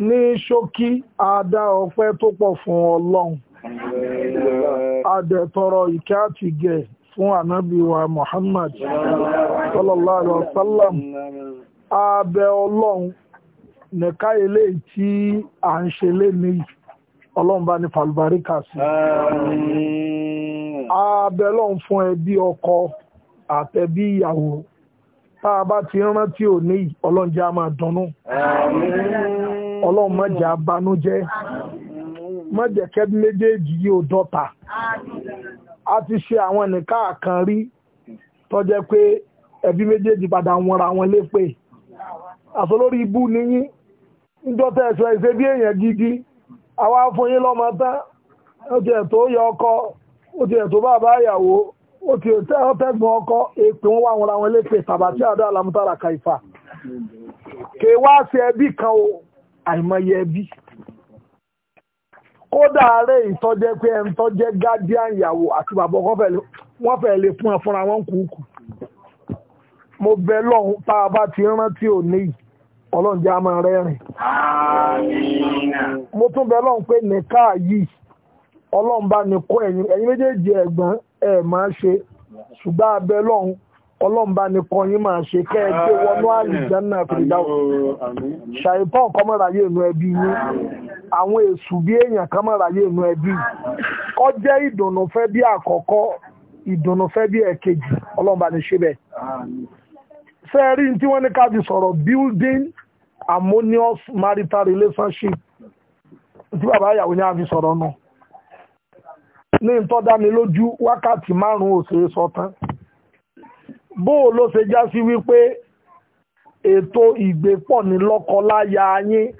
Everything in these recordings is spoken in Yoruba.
ní ṣókí àdá ọpẹ́ tó pọ̀ fún ọlọ́run adẹ̀tọrọ ìkẹ́ àti gẹ̀ fún ànábì Muhammad sallallahu alaihi wasallam abẹ ọlọ́run nìka ilé tí a ń ṣe lé ní ọlọ́run bá ní falbaríkà sí abẹ ọlọ́run fún ẹbí ọkọ àtẹbí ìyàwó tá a bá ti rántí òní ọlọ́run jẹ́ a máa dunnú ọlọ́run má jẹ́ abanújẹ́ má jẹ́ kẹ́bí méjèèjì yóò dọ́ta a ti ṣe àwọn nìkan kan rí tó jẹ́ pé ẹbí méjèèjì padà wọn ra wọn lépè àtolórí ibú níyí níjọ́tẹ̀ ẹ̀sọ́ ẹ̀sẹ̀ bí èèyàn gidi àwa fún yín lọ́mọ tán ó ti ẹ̀ tó yọ ọkọ ó ti ẹ̀ bàbá ìyàwó ó ti ẹ̀ ọkọ èpè wọn wà wọn ra wọn lépè tàbátí àdó àlámútàrà kàìfà kèwá sí ẹbí kan o àìmọye ẹbí kódà ààrẹ ìtọ́jẹ́ pé ẹni tọ́jẹ́ gádíà ìyàwó àti bàbá ọkọ wọ́n fẹ́ lè fún ẹ fúnra wọn kùkù mo bẹ lọ́hùn tá a bá ti rántí òní yìí a máa rẹ́rìn mo tún bẹ lọ́hùn pé nìka yìí ọlọ́run bá ní kó ẹ̀yìn ẹ̀yìn méjèèjì ẹ̀gbọ́n ẹ̀ máa ṣe ṣùgbọ́n abẹ lọ́hùn ọlọ́mbà ni yín máa ṣe kẹ́ ẹ gbé wọnú àlìjánná fìdáwò ṣàìpọ̀ kọ́mọ̀ráyé inú ẹbí yín àwọn èsù bí èèyàn kọ́mọ̀ráyé inú ẹbí ó jẹ́ ìdùnnú fẹ́ bí àkọ́kọ́ ìdùnnú fẹ́ bí ẹ̀kejì ṣe bẹ́ẹ̀. tí wọ́n ní ká fi sọ̀rọ̀ building harmonious marital relationship tí bàbá ìyàwó a bó ló ṣe já sí wípé ètò ìgbépọ̀ ní lọ́kọ-láya yín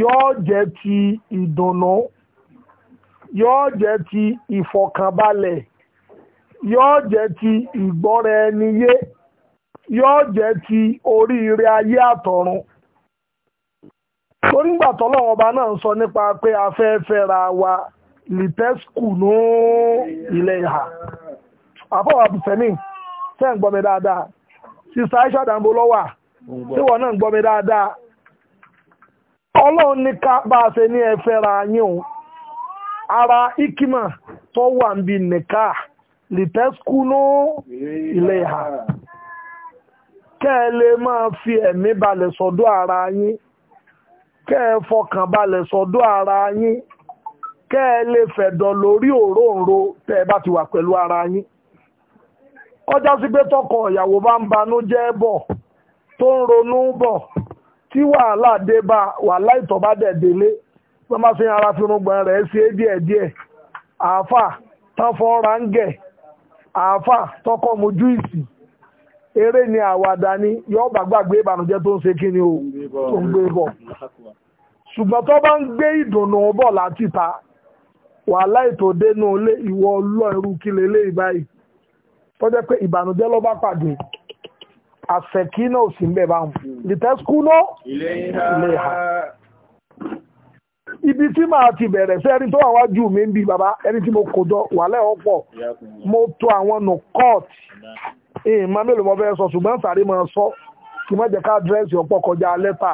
yóò jẹ́ ti ìdùnnú yóò jẹ́ ti ìfọ̀kànbalẹ̀ yóò jẹ́ ti ìgbọ́ra ẹni yé yóò jẹ́ ti oríire ayé àtọ̀run torí ọba náà ń sọ nípa pé a wa ní ìhà ṣé ń gbọ́ dáadáa sísá Aisha dàmbó lọ́wà tí wọ́n náà ń gbọ́ dáadáa ọlọ́run ní ká bá a ṣe ní yín o ara ikima tó wà ń bi nìka ilé kẹ́ ẹ lè máa fi ẹ̀mí balẹ̀ sọ́dọ̀ ara yín kẹ́ ẹ fọkàn balẹ̀ ara yín kẹ́ ẹ lè fẹ̀dọ̀ lórí òróǹro tẹ́ ẹ bá ara yín ọjà sí pé tọkọ ìyàwó bá ń banú jẹ́ bọ̀ tó ń ronú bọ̀ tí wàhálà dé bá wàhálà ìtọ́ba dẹ̀ délé pé má fi ara fi irùngbọ̀n rẹ̀ ṣe é díẹ̀díẹ̀ àáfà tán fọ́ ráńgẹ̀ àáfà tọkọ mu júìsì eré ni àwàdà ni yọ bá gbàgbé ìbànújẹ́ tó ń ṣe kí ni o tó ń gbé bọ̀ ṣùgbọ́n tó bá ń gbé ìdùnnú bọ̀ láti ta wàhálà ètò dénú ilé ìwọ ọlọ́ọ̀rù kí lélẹ́yìí báyìí tó jẹ́ pé ìbànújẹ́ ló bá pàdé àṣẹ̀kí náà sì ń bẹ̀ bá wọn lìtẹ́sùkú náà ilé ha ibi tí màá ti bẹ̀rẹ̀ sí ẹni tó wà wájú mi ń bi bàbá ẹni tí mo kò jọ wàhálẹ̀ ọ̀pọ̀ mo to àwọn nù kọ́ọ̀tì ìmọ̀ mélòó mo fẹ́ sọ ṣùgbọ́n sàrí máa sọ kí má jẹ́ ká dírẹ́sì ọ̀pọ̀ kọjá lẹ́tà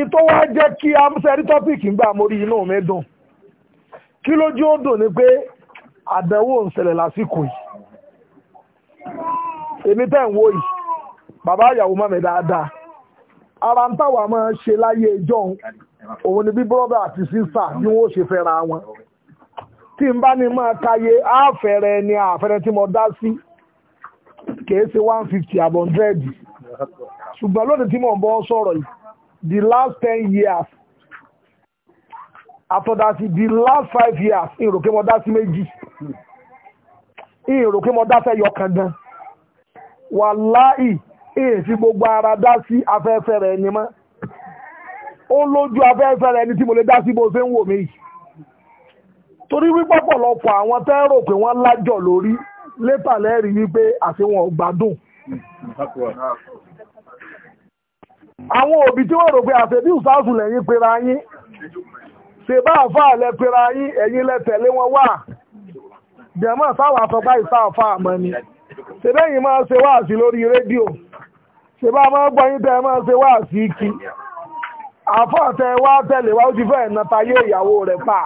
ìtọ́ wá jẹ́ kí amúṣẹ́rí tọ́pìkì gbà mórí inú mi dùn kí lójú ó dùn ni pé àdánwò ń ṣẹlẹ̀ lásìkò yìí èmi tẹ́ ń wò yìí bàbá ìyàwó mọ́ mi dáadáa ara ń táwa máa ń ṣe láyé ẹjọ́ òun ni bí brọ́dà àti sísà ni wọ́n ṣe fẹ́ra wọn tí n bá ní máa káyé àfẹ́rẹ́ ni àfẹ́rẹ́ tí mo dá sí kìí one fifty àbọ̀ hundred ṣùgbọ́n lónìí tí mò bọ́ sọ̀rọ̀ yìí the last ten years After àtọ̀dásí the last five years ìròkè mo dá sí méjì ìròkè mo dá sẹ́yọ kan gan wàláì èèfì gbogbo ara dá sí afẹ́fẹ́ rẹ̀ ni mọ́ ó lójú afẹ́fẹ́ rẹ̀ ni tí mo lè dá sí bó ṣe ń wò mí yìí torí wípé ọ̀pọ̀lọpọ̀ àwọn tẹ́ rò pé wọ́n lájọ̀ lórí létà lẹ́rìí wípé àti wọn ò gbádùn àwọn òbí tí wọ́n rò pé àṣẹbí ìsáàsùn lẹ́yìn pera yín ṣe bá àfà lẹ́pẹ̀rẹ̀ ayín ẹ̀yìn lẹ́tẹ̀lé wọn wà jẹ̀mọ́ sáwà sọ bá ìfà àfà àmọ́ ni ṣe bẹ́yìn máa ṣe wáàsí lórí rédíò ṣe bá máa gbọ́yìn tẹ́ máa ṣe wáàsí kí àfà tẹ wá tẹ̀lé wá ó ti fẹ́ ẹ̀nàta yé ìyàwó rẹ̀ pa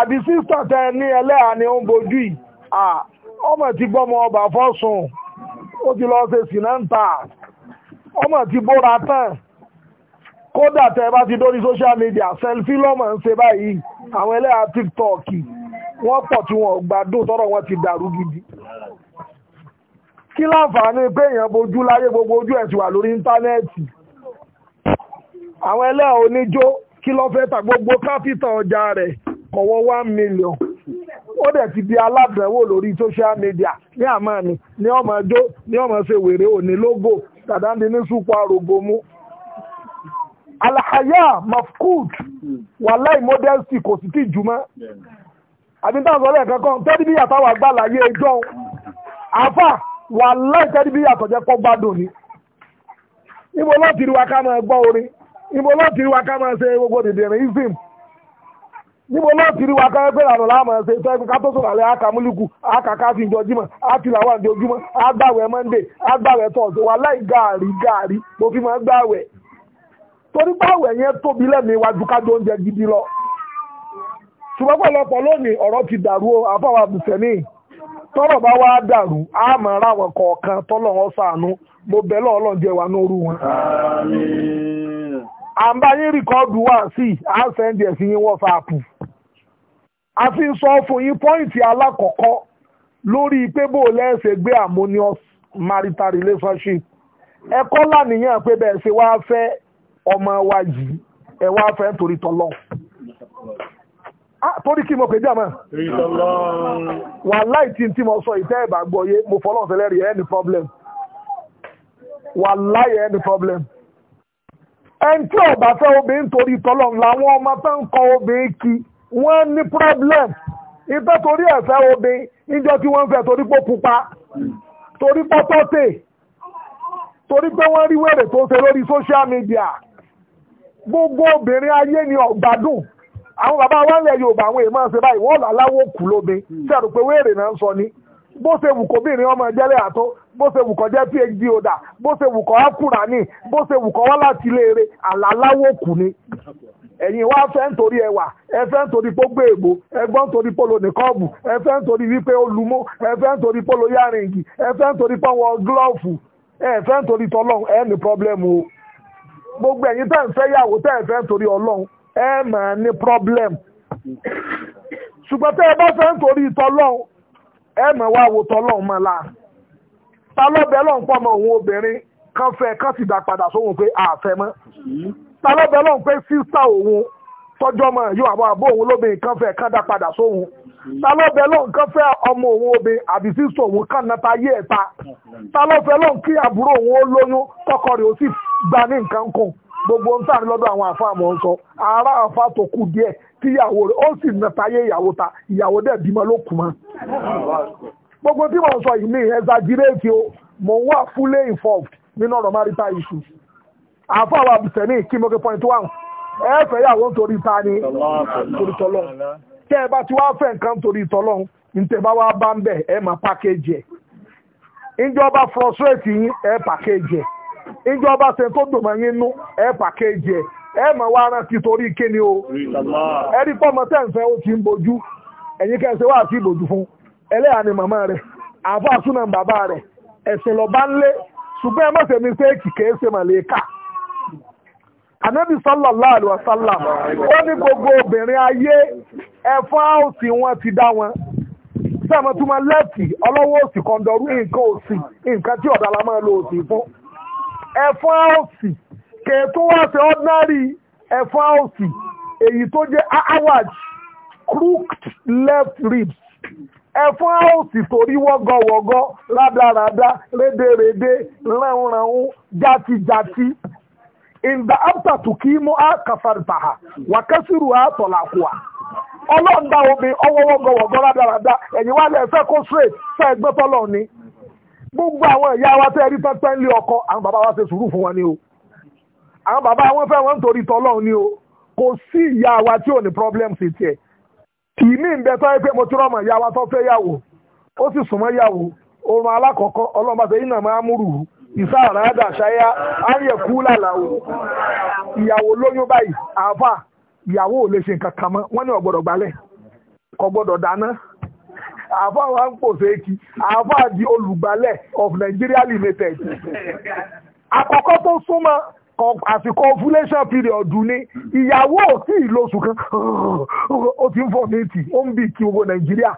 àbí sísọ tẹ ní ẹlẹ́hà ni ó ń bojú yìí ọmọ ti gbọ́mọ ọba fọ́sùn ó ti lọ ṣe sìnáǹtà ọmọ ti bóra tán kódà tẹ́ bá ti dórí social media selfie lọ́mọ ń ṣe báyìí àwọn ẹlẹ́yà tiktok wọ́n pọ̀ tí wọ́n gbádùn tọ́rọ̀ wọn ti dàrú gidi kí láǹfààní pé èèyàn bojú láyé gbogbo ojú ẹ̀ ti wà lórí íńtánẹ́ẹ̀tì àwọn ẹlẹ́yà oníjó kí ló fẹ́ ta gbogbo kápítà ọjà rẹ̀ kọ̀wọ́ one million ó dẹ̀ ti di aládùnẹ́wò lórí social media ní àmọ́ ni ní ọmọ jó ni ọmọ ṣe wèrè òní lógo tàdáńdínní súpọ̀ àrògbòmú alahaya mafkud wàláì modesty kò sì tí jùmọ́ àbí táwọn sọ lẹ́ẹ̀kan kan tẹ́lí bí yàtọ̀ wà gbà láyé ẹjọ́ àfà wàláì tẹ́lí bí yàtọ̀ jẹ́ pọ́ gbádùn ni ibo láti rí wa ká máa gbọ́ orin ibo láti rí wa ká máa ṣe gbogbo dìdìrín ism níbo náà ti rí wa káwé pé àrùn láàmú ẹsẹ ìfẹ́ ẹgbẹ́ kátó sọ̀rọ̀ àlẹ́ àkàmúlùkù àkàkáfí ìjọjúmọ́ àtìláwà ìjọjúmọ́ àgbàwẹ̀ monday àgbàwẹ̀ thursday wà láì gààrí gààrí mo fi máa gbàwẹ̀ torí pé àwẹ̀ yẹn tóbi lẹ́nu iwájú kájọ oúnjẹ gidi lọ ṣùgbọ́n pọ̀lọpọ̀ lónìí ọ̀rọ̀ ti dàrú o àfọwọ́ àbùsẹ̀mí tọ́rọ̀ bá wá dàrú á mọ̀ ara àwọn kọ̀ọ̀kan tọ́lọ̀ wọn sàánú mo bẹ̀ lọ́ọ́ lọ́ọ́ jẹ́ wọn. à ń bá yín rìkọ́ọ̀dù si sí à ń sẹ́ndì a fi ń sọ fún yín pọ́ìntì alákọ̀ọ́kọ́ lórí pé bó lẹ́sẹ̀ gbé marital relationship ẹ̀kọ́ lànìyàn pé bẹ́ẹ̀ ṣe wá ọmọ wa yìí ẹ wá fẹ́ torí tọ́lọ́ ah, torí kí mo pè jàmọ́ wà láì tí tí mo sọ ìtẹ́ ẹ̀bà gbọ́yé mo fọlọ́ fẹ́lẹ́ rí ẹni problem wà láì ẹni problem ẹni tí ọba fẹ́ obìnrin torí tọ́lọ́ làwọn ọmọ tó ń kọ obìnrin kí wọ́n ní problem ìfẹ́ torí ẹ̀fẹ́ obìnrin níjọ́ tí wọ́n ń fẹ́ torí pó pupa torí pọ́tọ́tè torí pé wọ́n rí wèrè tó ń ṣe lórí social media. gbogbo obìnrin ayé ni ọ̀gbádùn àwọn bàbá wa lẹ̀ Yorùbá àwọn èèmọ̀ ṣe báyìí wọ́n là láwọ́ kù lóbe tí a rò pé wéèrè náà ń sọ ni bó ṣe wù kó bìnrin ọmọ ẹjẹ́lẹ̀ àtó bó ṣe wù kó jẹ́ phd oda bó ṣe wù kó ákùrà ní bó ṣe wù kó wá láti léere àlàláwọ̀ kù ni ẹ̀yin wá fẹ́ nítorí ẹwà ẹ fẹ́ nítorí pógbé ègbò ẹgbọ́n nítorí polo nìkọ́ọ̀bù ẹ fẹ́ nítorí wípé ó lumó ẹ fẹ́ nítorí polo yáàrìngì ẹ fẹ́ nítorí pọ́wọ́ gílọ́ọ̀fù ẹ fẹ́ nítorí tọ́lọ́ ẹ ní pọ́blẹ́mù o. gbogbo ẹ̀yin tẹ́ ń fẹ́ yàwó tẹ́ ń fẹ́ nítorí ọlọ́run ẹ máa ní problem ṣùgbọ́n tẹ́ ẹ bá fẹ́ nítorí tọlọ́run ẹ máa wá wo tọlọ́run mọ́ la ta lọ́bẹ̀ẹ́ lọ́n pọ̀ mọ́ òun obìnrin kan fẹ́ kan sì dá padà sóhun pé àfẹ́ mọ́ ta lọ́bẹ̀ẹ́ lọ́n pé sísá òun tọ́jọ́ mọ́ yóò àbọ̀ àbọ̀ òun lóbìnrin kan fẹ́ kan dá padà sóhun talọ́fẹ́ ló ń kán fẹ́ ọmọ òun obìnrin àbí sísọ òun kàn náà ta yé ẹ̀ta talọ́fẹ́ ló ń kí àbúrò òun ó lóyún kọ́kọ́ rẹ̀ ó sì gba ní nǹkan kan gbogbo ń tàn lọ́dọ̀ àwọn àfa àmọ́ sọ ara àfa tó kù díẹ̀ tíyàwó rẹ̀ ó sì nà ìyàwó ta ìyàwó dẹ̀ bímọ ló kù mọ́. gbogbo tí mo sọ yìí ní ẹ̀zagírẹ́ẹ̀tì o mò ń wà fully involved nínú ọ̀rọ̀ marital issues. àfa àwọn àbùsẹ̀ ní kímoke point one ẹ fẹ́ yàwó nítorí ta ni torí tọ́lọ́ tẹ́ ẹ bá ti wá fẹ́ nǹkan torí tọ́lọ́ ntẹ̀ bá bá ń bẹ̀ ẹ máa package ẹ̀ ìjọba frustrate yín ẹ package ẹ̀ ìjọba ṣe tó dùn mọ́ yín nú ẹ pàkéjì ẹ ẹ mọ̀ wá rántí torí kíni o ẹ rí pọ́mọ tẹ́ǹfẹ́ ó ti ń bojú ẹ̀yin kẹ́sẹ̀ wá sí ìbòjú fún ẹlẹ́yà ni màmá rẹ̀ àbá súnà bàbá rẹ̀ ẹ̀sìn lọ́ba ńlé ṣùgbọ́n ẹ mọ̀sẹ̀ mi séèkì kìí ṣe màlẹ́kà anabi sallallahu alaihi wasallam ó ní gbogbo obìnrin ayé ẹ̀fọ́ àòsì wọn ti dá wọn sẹ́mi túmọ̀ lẹ́ẹ̀tì ọlọ́wọ́ òsì kọ́ńdọ̀rú nǹkan òsì nǹkan tí ọ̀dà la máa lo òsì fún ẹ̀fọ́ àòsì kẹ̀ẹ́tún wá sí ordinary ẹ̀fọ́ èyí tó jẹ́ awaj crooked left ribs ẹ̀fọ́ àòsì torí wọ́gọ́wọ́gọ́ rádaràdá rédèrèdè ránranrun játijàti ìgbà áfà tó kí mú àkàfàrìtàhà wà kẹ́sìrù àtọ̀làkùà ọlọ́ọ̀dá omi ọwọ́wọ́gọ́wọ́gọ́ rádaràdá ẹ̀yìn wálẹ̀ ẹ̀fẹ́ kó straight fẹ́ẹ̀ gbẹ́tọ́lọ́ ni. gbogbo àwọn ìyá wa tẹ́ rí pẹ́pẹ́ ńlé ọkọ àwọn bàbá wa ṣe sùúrù fún wọn ni o àwọn bàbá wọn fẹ́ wọn nítorí tọ́lọ́run ni o kò sí ìyá wa tí ò problem sí tiẹ̀ kì í ní ìbẹ́ tọ́ pé mo ti rọ́mọ ìyá wa tó fẹ́ yàwó ó sì súnmọ́ yàwó oorun alákọ̀ọ́kọ́ ọlọ́mọ àti iná máa múrù ìsá ṣáyá kú làlàó ìyàwó lóyún báyìí àáfà ìyàwó ò lè àfà wa ń pò fèkì àfà di olùgbàlẹ̀ of Nigeria Limited àkọ́kọ́ tó súnmọ́ àsìkò ovulation period ni ìyàwó ò tí ì lóṣù kan ó ti ń fọ̀ ní ti ó ń bì kí gbogbo Nàìjíríà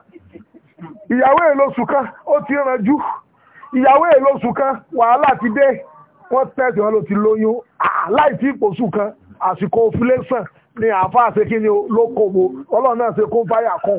ìyàwó èlò oṣù kan ó ti rànjú ìyàwó èlò oṣù kan wàhálà ti dé wọ́n tẹ̀sí wọn ló ti lóyún ah, láì tí ìpòṣù kan àsìkò ovulation ni àáfàá ṣe kí ni lókòwò ọlọ́run náà ṣe kó báyà kan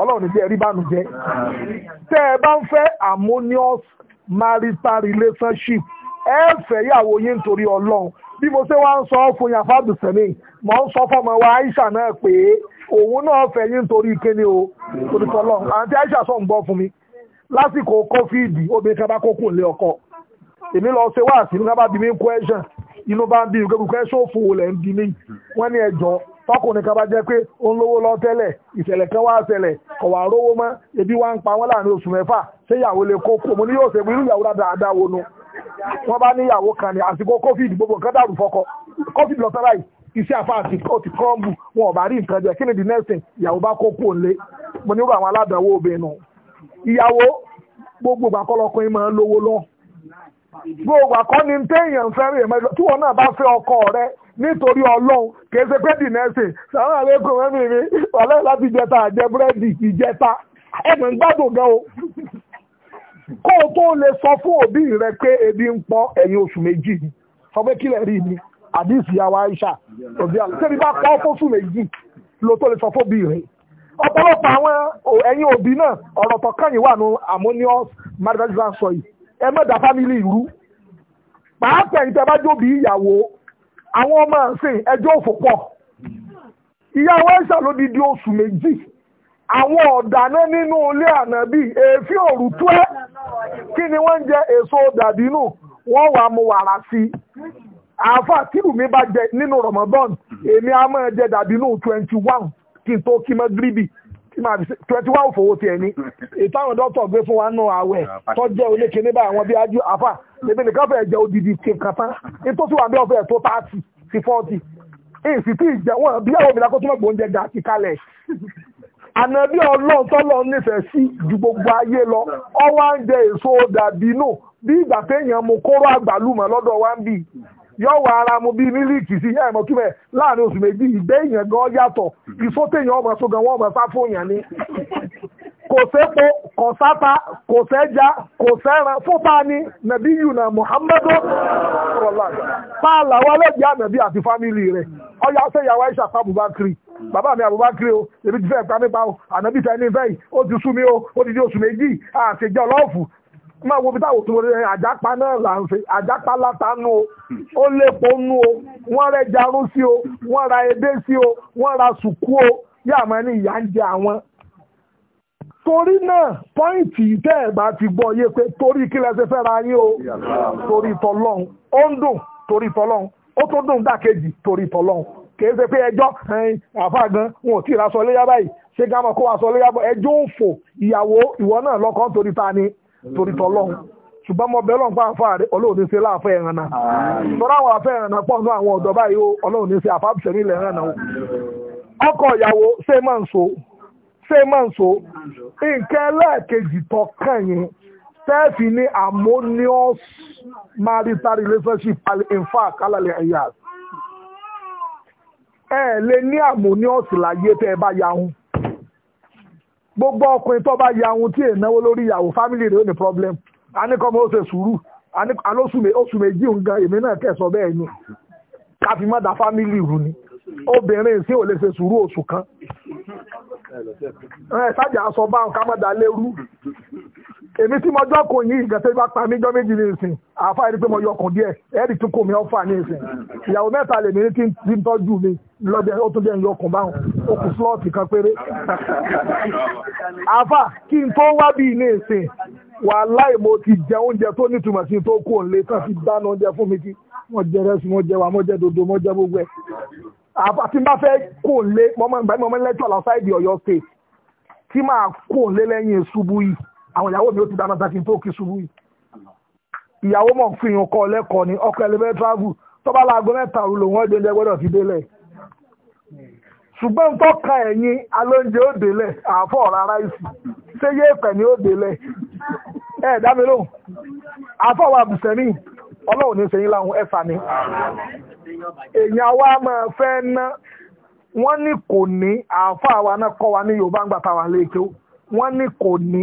ọlọ́run ní jẹ́ rí bánu jẹ́ tẹ́ ẹ bá ń fẹ́ harmonious marital relationship ẹ fẹ́ yàwó yín nítorí ọlọ́run bí mo ṣe wá ń sọ fún yàfa dùsẹ̀mí mọ̀ ń sọ fọmọ wa Aisha náà pé òun náà fẹ́ yín nítorí kíni o torí tọ́lọ́run àǹtí Aisha sọ̀ ń gbọ́ fún mi lásìkò kọ́fíìdì obìnrin kan bá kókò lé ọkọ èmi lọ ṣe wá àsìkò náà bá bí mi question inú bá ń bí mi kẹ́kọ̀ọ́ question fún olè ń bí mi wọ́n ní ẹjọ́ tọkùnrin kan bá jẹ́ pé ó ń lówó lọ tẹ́lẹ̀ ìṣẹ̀lẹ̀ kan wá ṣẹlẹ̀ kò rówó mọ́ ebi wá ń pa wọ́n láàrin oṣù mẹ́fà ṣé ìyàwó lè kó mo ní yóò ṣe irú ìyàwó dáadáa wo nu wọ́n bá ní ìyàwó kan ní àsìkò covid gbogbo nǹkan dàrú fọkọ covid lọ sára yìí iṣẹ́ àfa àti ti kọ́ọ̀mù wọn ò bá rí nǹkan jẹ kí ni the next thing ìyàwó bá kó kó lé mo nírò àwọn obìnrin ìyàwó gbogbo àkọlọkùnrin máa ń lówó lọ gbogbo àkọ́ni téèyàn fẹ́ràn èèmọ́ tí wọn náà bá fẹ́ ọkọ rẹ nítorí ọlọ́run kìí ṣe pẹ́ẹ́dì nẹ́sìn sàmúlò àlékún ẹ̀mí mi wàlẹ́ láti jẹta àjẹ búrẹ́dì ìjẹta ẹ̀mọ̀ ń gbádùn gan o. kó o tó lè sọ fún òbí rẹ pé ebi ń pọ ẹ̀yìn oṣù méjì sọ pé kílẹ̀ rí mi àdìsí àwa Aisha òbí àlọ́ sẹ́ni bá pọ́ fóṣù méjì ló tó lè sọ fún òbí rẹ ọ̀pọ̀lọpọ̀ àwọn ẹ̀yin òbí náà ọ̀rọ̀ tọ̀kànyìn wà ní harmonious marriage sọ yìí ẹ mọ̀dà family ìrú pàápàá ìtẹ́ ìyàwó àwọn ọmọ ẹ̀sìn ẹjọ́ òfò pọ̀ ìyá wa Àìṣà ló di di oṣù méjì àwọn ọ̀dáná nínú ilé ànábì èéfín òrù tó ẹ́ kí ni wọ́n ń jẹ èso dàbínù wọ́n wà mú wàrà sí i àáfà tìrù mi bá jẹ nínú Ramadan èmi á máa jẹ dàbínù twenty one kí n tó kí mọ́ gíríbì máa fi twenty one fowó tiẹ̀ ní ètò àwọn dọ́tọ̀ gbé fún wa nù àwẹ̀ tó jẹ́ oléke níbà àwọn bí ajú afa èmi nìkan fẹ́ jẹ́ odidi kìkàtà nítòsí wà bí ọ̀fẹ́ tó thirty sí forty èsì tí ìjẹun bí àwọn òmìnira kó tún mọ̀ gbóúnjẹ gà àti kalẹ̀ ànàbí ọlọ́run tọ́lọ́run nífẹ̀ẹ́ sí ju gbogbo ayé lọ ọwọ́ à ń jẹ èso dàbí nù bí ìgbà téèyàn mo kóró àgbàlùmọ̀ lọ́dọ̀ wa ń bì yọwọ ara mu bíi mílíìkì sí ẹ̀mọ́ kí meji láàrin oṣù méjì ìgbé èèyàn gan yàtọ̀ ìsótèèyàn ọmọ wọn ọmọ ni kò sépo kò sáta kò kò fúnpa ni nàbí yuna muhammadu pààlà wa lẹ́gbẹ̀ẹ́ ànàbí àti fámìlì rẹ̀ ọyọ aisha abubakar bàbá mi abubakar o èmi ti fẹ́ pa o ànàbí ní o ti sú mi o ó ti di oṣù méjì lọ́ọ̀fù máa wo bí táwọn òtún wọlé àjápa náà là ń fi àjápa látàánú o ó lépo nú o wọ́n rẹ̀ jarú sí o wọ́n ra edé sí o wọ́n ra sùkú o yá máa ní ìyá ń jẹ àwọn. torí náà pọ́ìntì tẹ́ ẹ̀ bá ti gbọ́ yé pé torí kí lẹ ṣe fẹ́ra yín o torí tọlọ́hún ó ń dùn torí tọlọ́hún ó tó dùn dàkejì torí tọlọ́hún kì í ṣe pé ẹjọ́ àfáà gan wọn ò tí ì ra sọ léyà báyìí ṣé gámọ̀ kó wa sọ léyà bọ̀ ẹjọ́ òfò ìyàwó ìwọ náà lọ́kàn torí ta ni torí tọ́lọ́hún ṣùgbọ́n mo bẹ́ lọ́npá àfáàrí ọlọ́run ní ṣe láàfẹ́ ẹ̀ràn náà tọ́lá àwọn afẹ́ ẹ̀ràn náà pọ̀ nínú àwọn ọ̀dọ́ báyìí ó ọlọ́run ní ṣe àfáàbùsẹ̀ nílẹ̀ ẹ̀ràn náà ọkọ ìyàwó ṣé máa ń so sẹ́ẹ̀fì ní harmonious marital relationship in fact alálẹ̀ ẹ̀yà ẹ̀ lè ní harmonious láyé tẹ́ ẹ bá yahun. gbogbo ọkùnrin tó bá ya ohun tí è náwó lórí ìyàwó fámìlì rẹ̀ ó ní problem aníkọ́mọ ó ṣe sùúrù alóṣù méjì nǹkan èmi náà kẹsọ bẹ́ẹ̀ ni káfí má da fámìlì rù ni obìnrin sí ò lè ṣe sùúrù oṣù kan ẹ sájà báwọn ká má da lérú èmi tí mo jọ́kùn yìí ìgbà tó bá pa mí jọ́ méjì ní ìsìn àáfà ẹni pé mo yọkùn díẹ̀ ẹ̀ẹ́dì tún kò mí ọ́fà ní ìsìn ìyàwó mẹ́ta lèmi ní tí ń tọ́jú mi lọ́dẹ ó tún jẹ́ ń yọkùn báwọn ó kù slọ́ọ̀tì kan péré. àáfà kí n tó wá bí ní ìsìn wàláì mo ti jẹ oúnjẹ tó nítumọ̀ sí tó kù òǹlé tán fi dáná oúnjẹ fún mi tí mo jẹ rẹsì mo jẹ wà mo jẹ dodo mo jẹ gbogbo ẹ àáfà tí n bá fẹ́ kù òǹlé mo máa ń lẹ́tọ̀ lọ́sáìdì ọ̀yọ́ state tí máa kù òǹlé lẹ́yìn ṣubú yìí àwọn ìyàwó mi ó ti dáná takin tó kí ṣubú yìí ìyàwó mọ̀ fún ìyàn kọ́ lẹ́kọ̀ọ́ ni ọkọ̀ ẹlẹ́fẹ́ travel tó bá láago mẹ́ta òru lòun ọ̀gbìn ẹgbẹ́ gbọ́dọ̀ fi délẹ̀ ṣùgbọ́n tó ka ẹ̀yìn alóúnjẹ ó délẹ̀ àfọ̀ rárá ìsì ṣé yé pẹ̀ ni ó délẹ̀ ẹ̀ dámi àfọ̀ wa bùsẹ̀mí ọlọ́run ní sẹ́yìn láhùn ẹ̀fà ni èèyàn wa máa fẹ́ ná wọ́n ní kò ní àfọ̀ àwa náà kọ́ wa ní Yorùbá ń gbàtà wà lẹ́kẹ́ wọ́n ní kò ní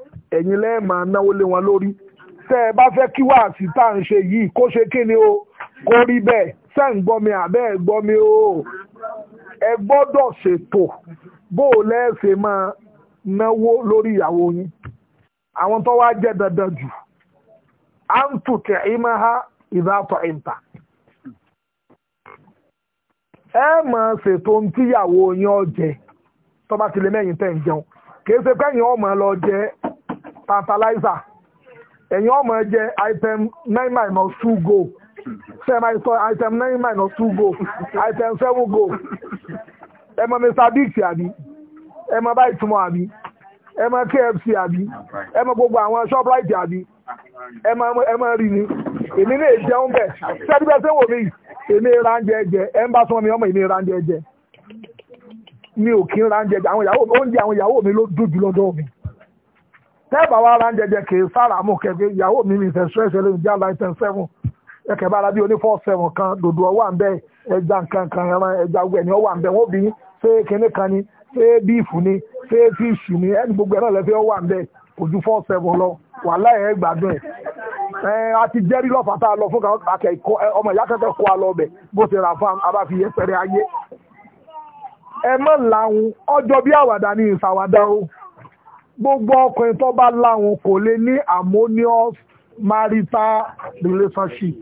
ẹ̀yin lẹ́ẹ̀ máa náwó lé wọn lórí tẹ́ ẹ bá fẹ́ kí wàásì tá à ń ṣe yìí kó ṣe kí ni o kó rí bẹ́ẹ̀ ṣé ń gbọ́ mi àbẹ́ ẹ̀ gbọ́ mi o ẹ gbọ́dọ̀ ṣètò bó o lẹ́ẹ̀ṣẹ̀ máa náwó lórí ìyàwó yín àwọn tó wá jẹ́ dandan jù à ń tùtẹ̀ ìmọ̀ ha ìdáàtọ̀ ìta ẹ máa ṣètò ohun tíyàwó yín ó jẹ tó bá ti lè mẹ́yìn tẹ̀ ń jẹun kì í ṣe pẹ́yìn ọmọ lọ jẹ́ tantalizer ẹ̀yin ọmọ jẹ item nine minus two go sẹ́mi sọ item nine minus two go item seven go ẹ mọ Mr Biggs àbí ẹ mọ báyìí túmọ̀ àbí ẹ mọ KFC àbí ẹ mọ gbogbo àwọn Shoprite àbí ẹ mọ rí ni èmi náà jẹun bẹ̀ sẹ́ni bẹ́ẹ̀ sẹ́wọ̀n mi èmi ránjẹ jẹ ẹ ń bá sọmọ mi ọmọ èmi ránjẹ jẹ mi ò kí ń ránjẹ jẹ àwọn ìyàwó oúnjẹ àwọn ìyàwó mi ló dùn jù lọ́dọ̀ mi. tẹ́ẹ̀bà wa ara ń jẹjẹ kì í sára mú kẹfẹ́ ìyàwó mi mi fẹ́ stress ẹlẹ́yìn jẹ́ àlàyé kan dòdò ọwọ́ à ẹja nǹkan kan ẹran ẹja ogun ẹni ọwọ́ à ń bí ṣé kan ni ṣé bíìfù ni ṣé fíìsì ni ẹni lọ wà láyé ẹ ẹ ẹ a ti jẹ́rí lọ́fà ọmọ ìyá a gbogbo ọkùnrin tó bá láwọn kò lè ní harmonious marital relationship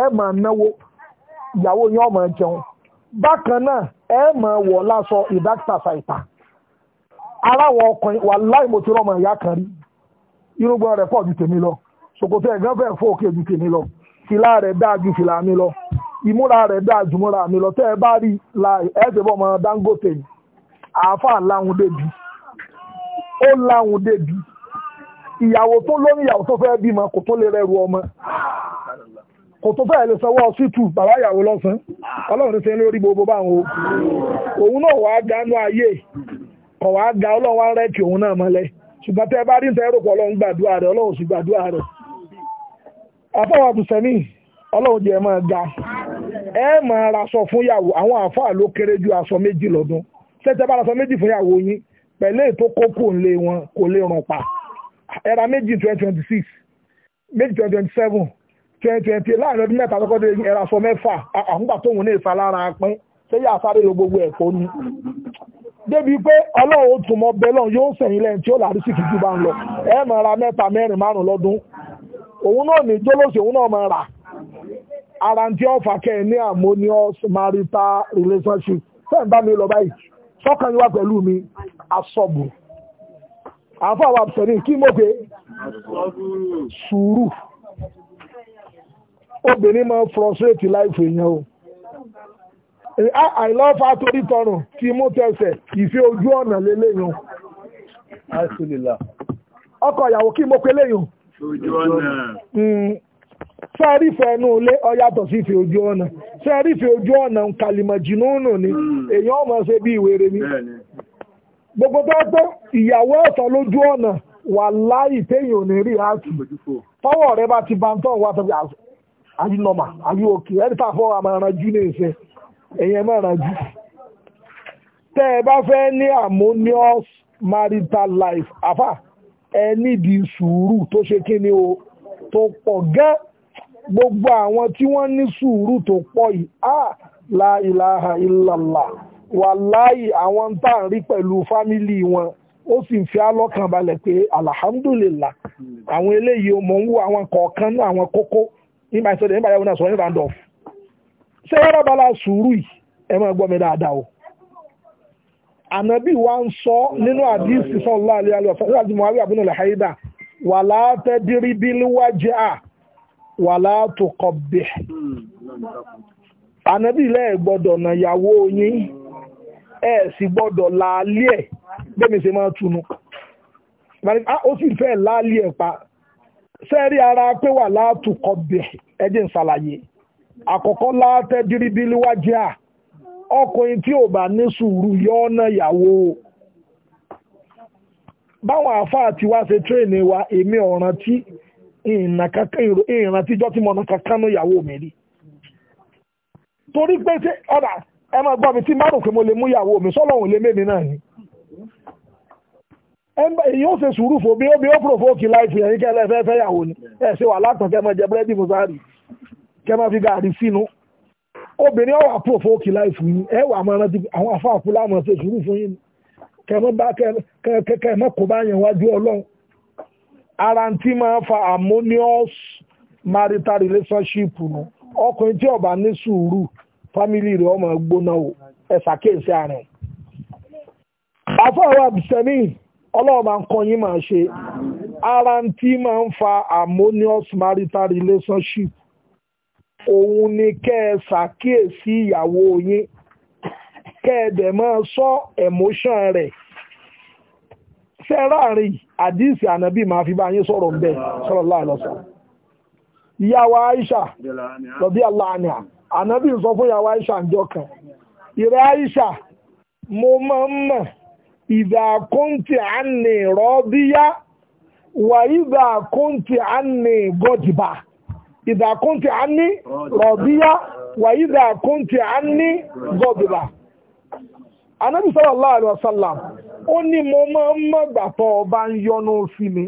ẹ máa náwó ìyàwó yín máa jẹun bákan náà ẹ máa wọ̀ láṣọ ìdákítà ṣàìtà ara àwọn ọkùnrin wà láì mo ti rọmọ ìyá kan rí irúgbọ́n rẹ̀ pọ̀ ju tèmi lọ ṣòkòtò ẹ̀gán fẹ́ fún òkè ju tèmi lọ fìlà rẹ̀ dáa ju fìlà mi lọ ìmúra rẹ̀ dáa ju múra mi lọ tẹ́ ẹ bá rí láì ẹ̀ ṣe bọ́ ọmọ Dangote àáfàá láwọn débi ó láhùn débi ìyàwó tó lóyún ìyàwó tó fẹ́ bímọ kò tó lè rẹrù ọmọ kò tó fẹ́ lè sanwó ọsítù bàbá ìyàwó lọ́sàn ọlọ́run ṣe lórí gbogbo bá wọn òun náà wàá gánú ayé wàá ga ọlọ́run wá òun náà mọ́lẹ̀ ṣùgbọ́n tẹ́ bá rí ń pọ̀ ọlọ́run gbàdúrà rẹ̀ ọlọ́run sì gbàdúrà rẹ̀ àfọwọ́ àbùsẹ̀mí ọlọ́run jẹ́ máa ga ẹ máa fún àwọn ju aṣọ méjì lọ́dún ṣé bá méjì fún pẹ̀lú ètò kókò ńlẹ̀ wọn kò lè rùn pa ẹ̀ra méjì twenty twenty six méjì twenty twenty seven twenty twenty láàrin ọdún mẹ́ta lọ́kọ́ dé ẹ̀ra sọ mẹ́fà àgbà tóun ní ìfalára pín sẹ́yìn àsáré lo gbogbo ẹ̀kọ́ ni débi pé ọlọ́run tún mọ bẹ́ẹ̀ lọ́n yóò sẹ̀yìn lẹ́yìn tí ó làrí sí kíkú bá ń lọ ẹ máa ra mẹ́ta mẹ́rin márùn lọ́dún òun náà ní jólóṣì òun náà máa rà ara tí ó ní harmonious marital relationship fẹ́ẹ̀ bá mi lọ báyìí sọ́kàn yíwá pẹ̀lú mi asọ́bù àfọ́ àwọn àbùsọ̀rí kí mo pé sùúrù obìnrin máa frustrate life èèyàn o àìlọ́fà eh, ah, torí tọrùn tí mú tẹsẹ̀ ìfẹ́ ojú ọ̀nà lélẹ́yìn ọkọ ìyàwó kí mo pé lẹ́yìn ojú ọ̀nà sọ́ọ́rí hmm. fẹ́ẹ́ nú ilé ó yàtọ̀ sí ìfẹ́ ojú ọ̀nà sẹ́rífẹ́ ojú ọ̀nà kàlìmọ̀jìnúnù ni hmm. èèyàn ọmọ ṣe bí ìwèrè ni gbogbo pẹ́pẹ́ ìyàwó ẹ̀tọ́ lójú ọ̀nà wà láì téèyàn ò ní rí àtù fọwọ́ rẹ bá ti bàtọ́ wà tọ́jú ayé nọ́mà ayé òkè ẹni tá a fọwọ́ àmọ́ ẹranjú ní ìṣe èèyàn mọ́ ẹranjú tẹ́ ẹ bá fẹ́ ní harmonious marital life àfà ẹ nídìí sùúrù tó ṣe kí ni o tó pọ̀ gẹ́ẹ́ gbogbo àwọn tí wọ́n ní sùúrù tó pọ̀ yìí á la ilaha illallah wàláyì àwọn tá à ń rí pẹ̀lú fámìlì wọn ó sì ń fi alọ́kàn balẹ̀ pé alhamdulillah àwọn eléyìí mò ń wo àwọn kọ̀ọ̀kan ní àwọn kókó nígbà ìṣẹ̀lẹ̀ nígbà ìyàwó náà sọ̀rọ̀ ní randolph ṣé wọ́n rábàlá sùúrù yìí ẹ máa gbọ́ mi dáadáa o ànábì wa ń sọ nínú àdìsí sọ̀rọ̀ láàlẹ́ àlọ́ àti muhammed abdul haida wàlá wàlá tó kọ̀bẹ̀ ànábì lẹ́ẹ̀ gbọ́dọ̀ nà yàwó yín ẹ̀ sì gbọ́dọ̀ láàlí ẹ̀ bẹ́mi ṣe máa túnú ah, ó sì fẹ́ láàlí ẹ̀ pa sẹ́ẹ̀rí ara pé wà látùkọ̀ bẹ̀ ẹjẹ́ ń ṣàlàyé àkọ́kọ́ látẹ́ diribíliwájẹ́ à ọkùnrin tí ò bá ní sùúrù yọ́ọ́nà ìyàwó báwọn àáfàá ti wá ṣe tírèèni wa èmi ọ̀ràn tí ìrìnà kankan ìrìnà na tí mo nà kankan ní ìyàwó mi rí torí pé ṣé ọ̀dà ẹ máa gbọ́ mi tí má rò pé mo lè mú ìyàwó mi sọ́lọ́hún lè mèmí náà ni èyí ó ṣe sùúrù fún mi ó bí ó provoke life yẹn kí ẹlẹ́fẹ́ fẹ́ ni ẹ ṣe wà látàn máa jẹ búrẹ́dì máa fi gàrí sínú obìnrin ọ̀wà provoke life yìí ẹ wà máa rántí àwọn ara tí máa fa harmonious marital relationship nù ọkùnrin tí ó bá ní sùúrù fámìlì rẹ̀ ọmọ gbóná o ẹ ṣàkíyèsí àárín. àfọwọ́ àbùsẹ̀mí ọlọ́ọ̀bá ń kọ́ yín máa ṣe ara tí máa ń fa harmonious marital relationship òun ni kẹ́ ẹ ṣàkíyèsí ìyàwó yín kẹ́ ẹ dẹ̀ máa sọ emotion rẹ? ṣe ráàrin yìí àdíìsì ànábì máa fi bá yín sọ̀rọ̀ ń bẹ̀ sallallahu alaihi wasallam ìyàwó Aisha lọ́bí aláàníà ànábì sọ fún ìyàwó Aisha ń jọ kan ìrẹ́ Aisha mo máa ń mọ̀ ìdà kóńtì àní rọ́bíyá wà ìdà àní gọ́dìbà ìdà àní rọ́bíyá wà ìdà àní gọ́dìbà anábì sallallahu alaihi wasallam ó ní mo máa ń mọ̀gbà tó o bá ń yọnu sí mi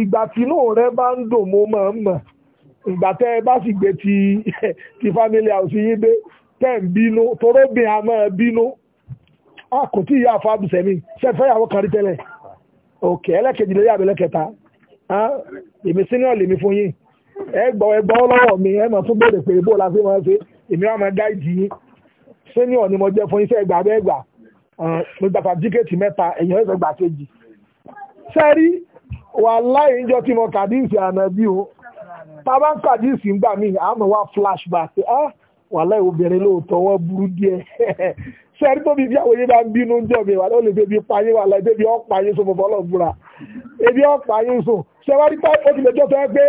ìgbà tínú rẹ bá ń dùn mo máa ń mọ̀ ìgbà tẹ́ ẹ bá sì gbé ti ti family house yín dé tẹ́ ń bínú torógbìn a máa bínú a kò tí ìyá àfáàbùsẹ̀ mi ṣe fẹ́yàwó kan rí tẹ́lẹ̀ òkè ẹlẹ́kejì lórí àbẹ̀lẹ́kẹta èmi sínú ọ̀lẹ́mi fún yín ẹ gbọ́ ẹ gbọ́ lọ́wọ́ mi ẹ máa tún bèrè pé bó la fi máa ṣe èmi á máa gáìdì yín senior ni mo jẹ́ fún iṣẹ́ ẹgbà abẹ́gbà mo gba fàbíkẹ́tì mẹ́ta ẹ̀yìn ọ̀sẹ̀ gbà kejì sẹ́rí wà láì ń jọ tí mo kàdíìsì ànábì o tábà ń kàdíìsì ń gbà mí àmọ́ wá flashback ah wà láì obìnrin lóòótọ́ wọ́n burú díẹ̀ sẹ́rí tó bí bí àwọn yẹn bá ń bínú ń jọ mi wà lóòlù bébí payé wà láì bébí ọ̀pá yín so mo fọ́ ebi ọ̀pá yín so ṣẹ́wárí ti lè jọ́ tó pé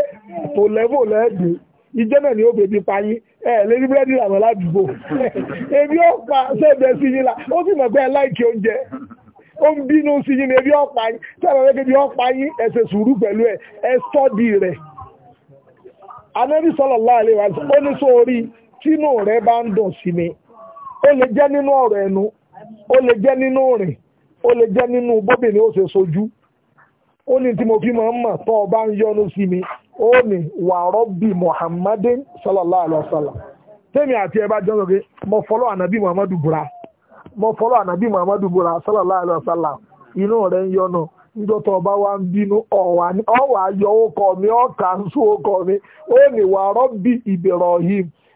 tòlẹ́fò lẹ́ẹ̀dẹ́ ìjẹ́ náà ni ó bèbí payé ẹ lè búrẹ́dì rà ebi ọ̀pá sẹ́ẹ̀bẹ̀ sí yín la ó sì mọ̀ pé ẹ láìkí oúnjẹ ó ń bínú sí yín ebi ọ̀pá yín sẹ́ẹ̀bẹ̀ pé ebi ọ̀pá yín ẹ sùúrù pẹ̀lú ẹ ẹ sọ́ọ̀dì rẹ̀ Ànábì sallallahu alaihi wasallam ó ní sórí tínú rẹ̀ bá ń dùn sí mi ó lè jẹ́ nínú ọ̀rọ̀ ẹnu ó lè onye ní tí mo fi máa ń ọba ń yọnu sí mi ó ní wà rọ́bì muhammadin sallallahu alayhi wa sallam tẹ́mi àti ẹ bá jọ sọ pé mo fọlọ́ ànábì muhammadu bura mo fọlọ́ ànábì muhammadu bura sallallahu alayhi wa sallam inú rẹ̀ ń yọnu níjọ́ ọba wa ń bínú ọ̀wà ayọ̀ ọkọ̀ mi ọ̀kà ń sún ọkọ̀ mi ó ní wà rọ́bì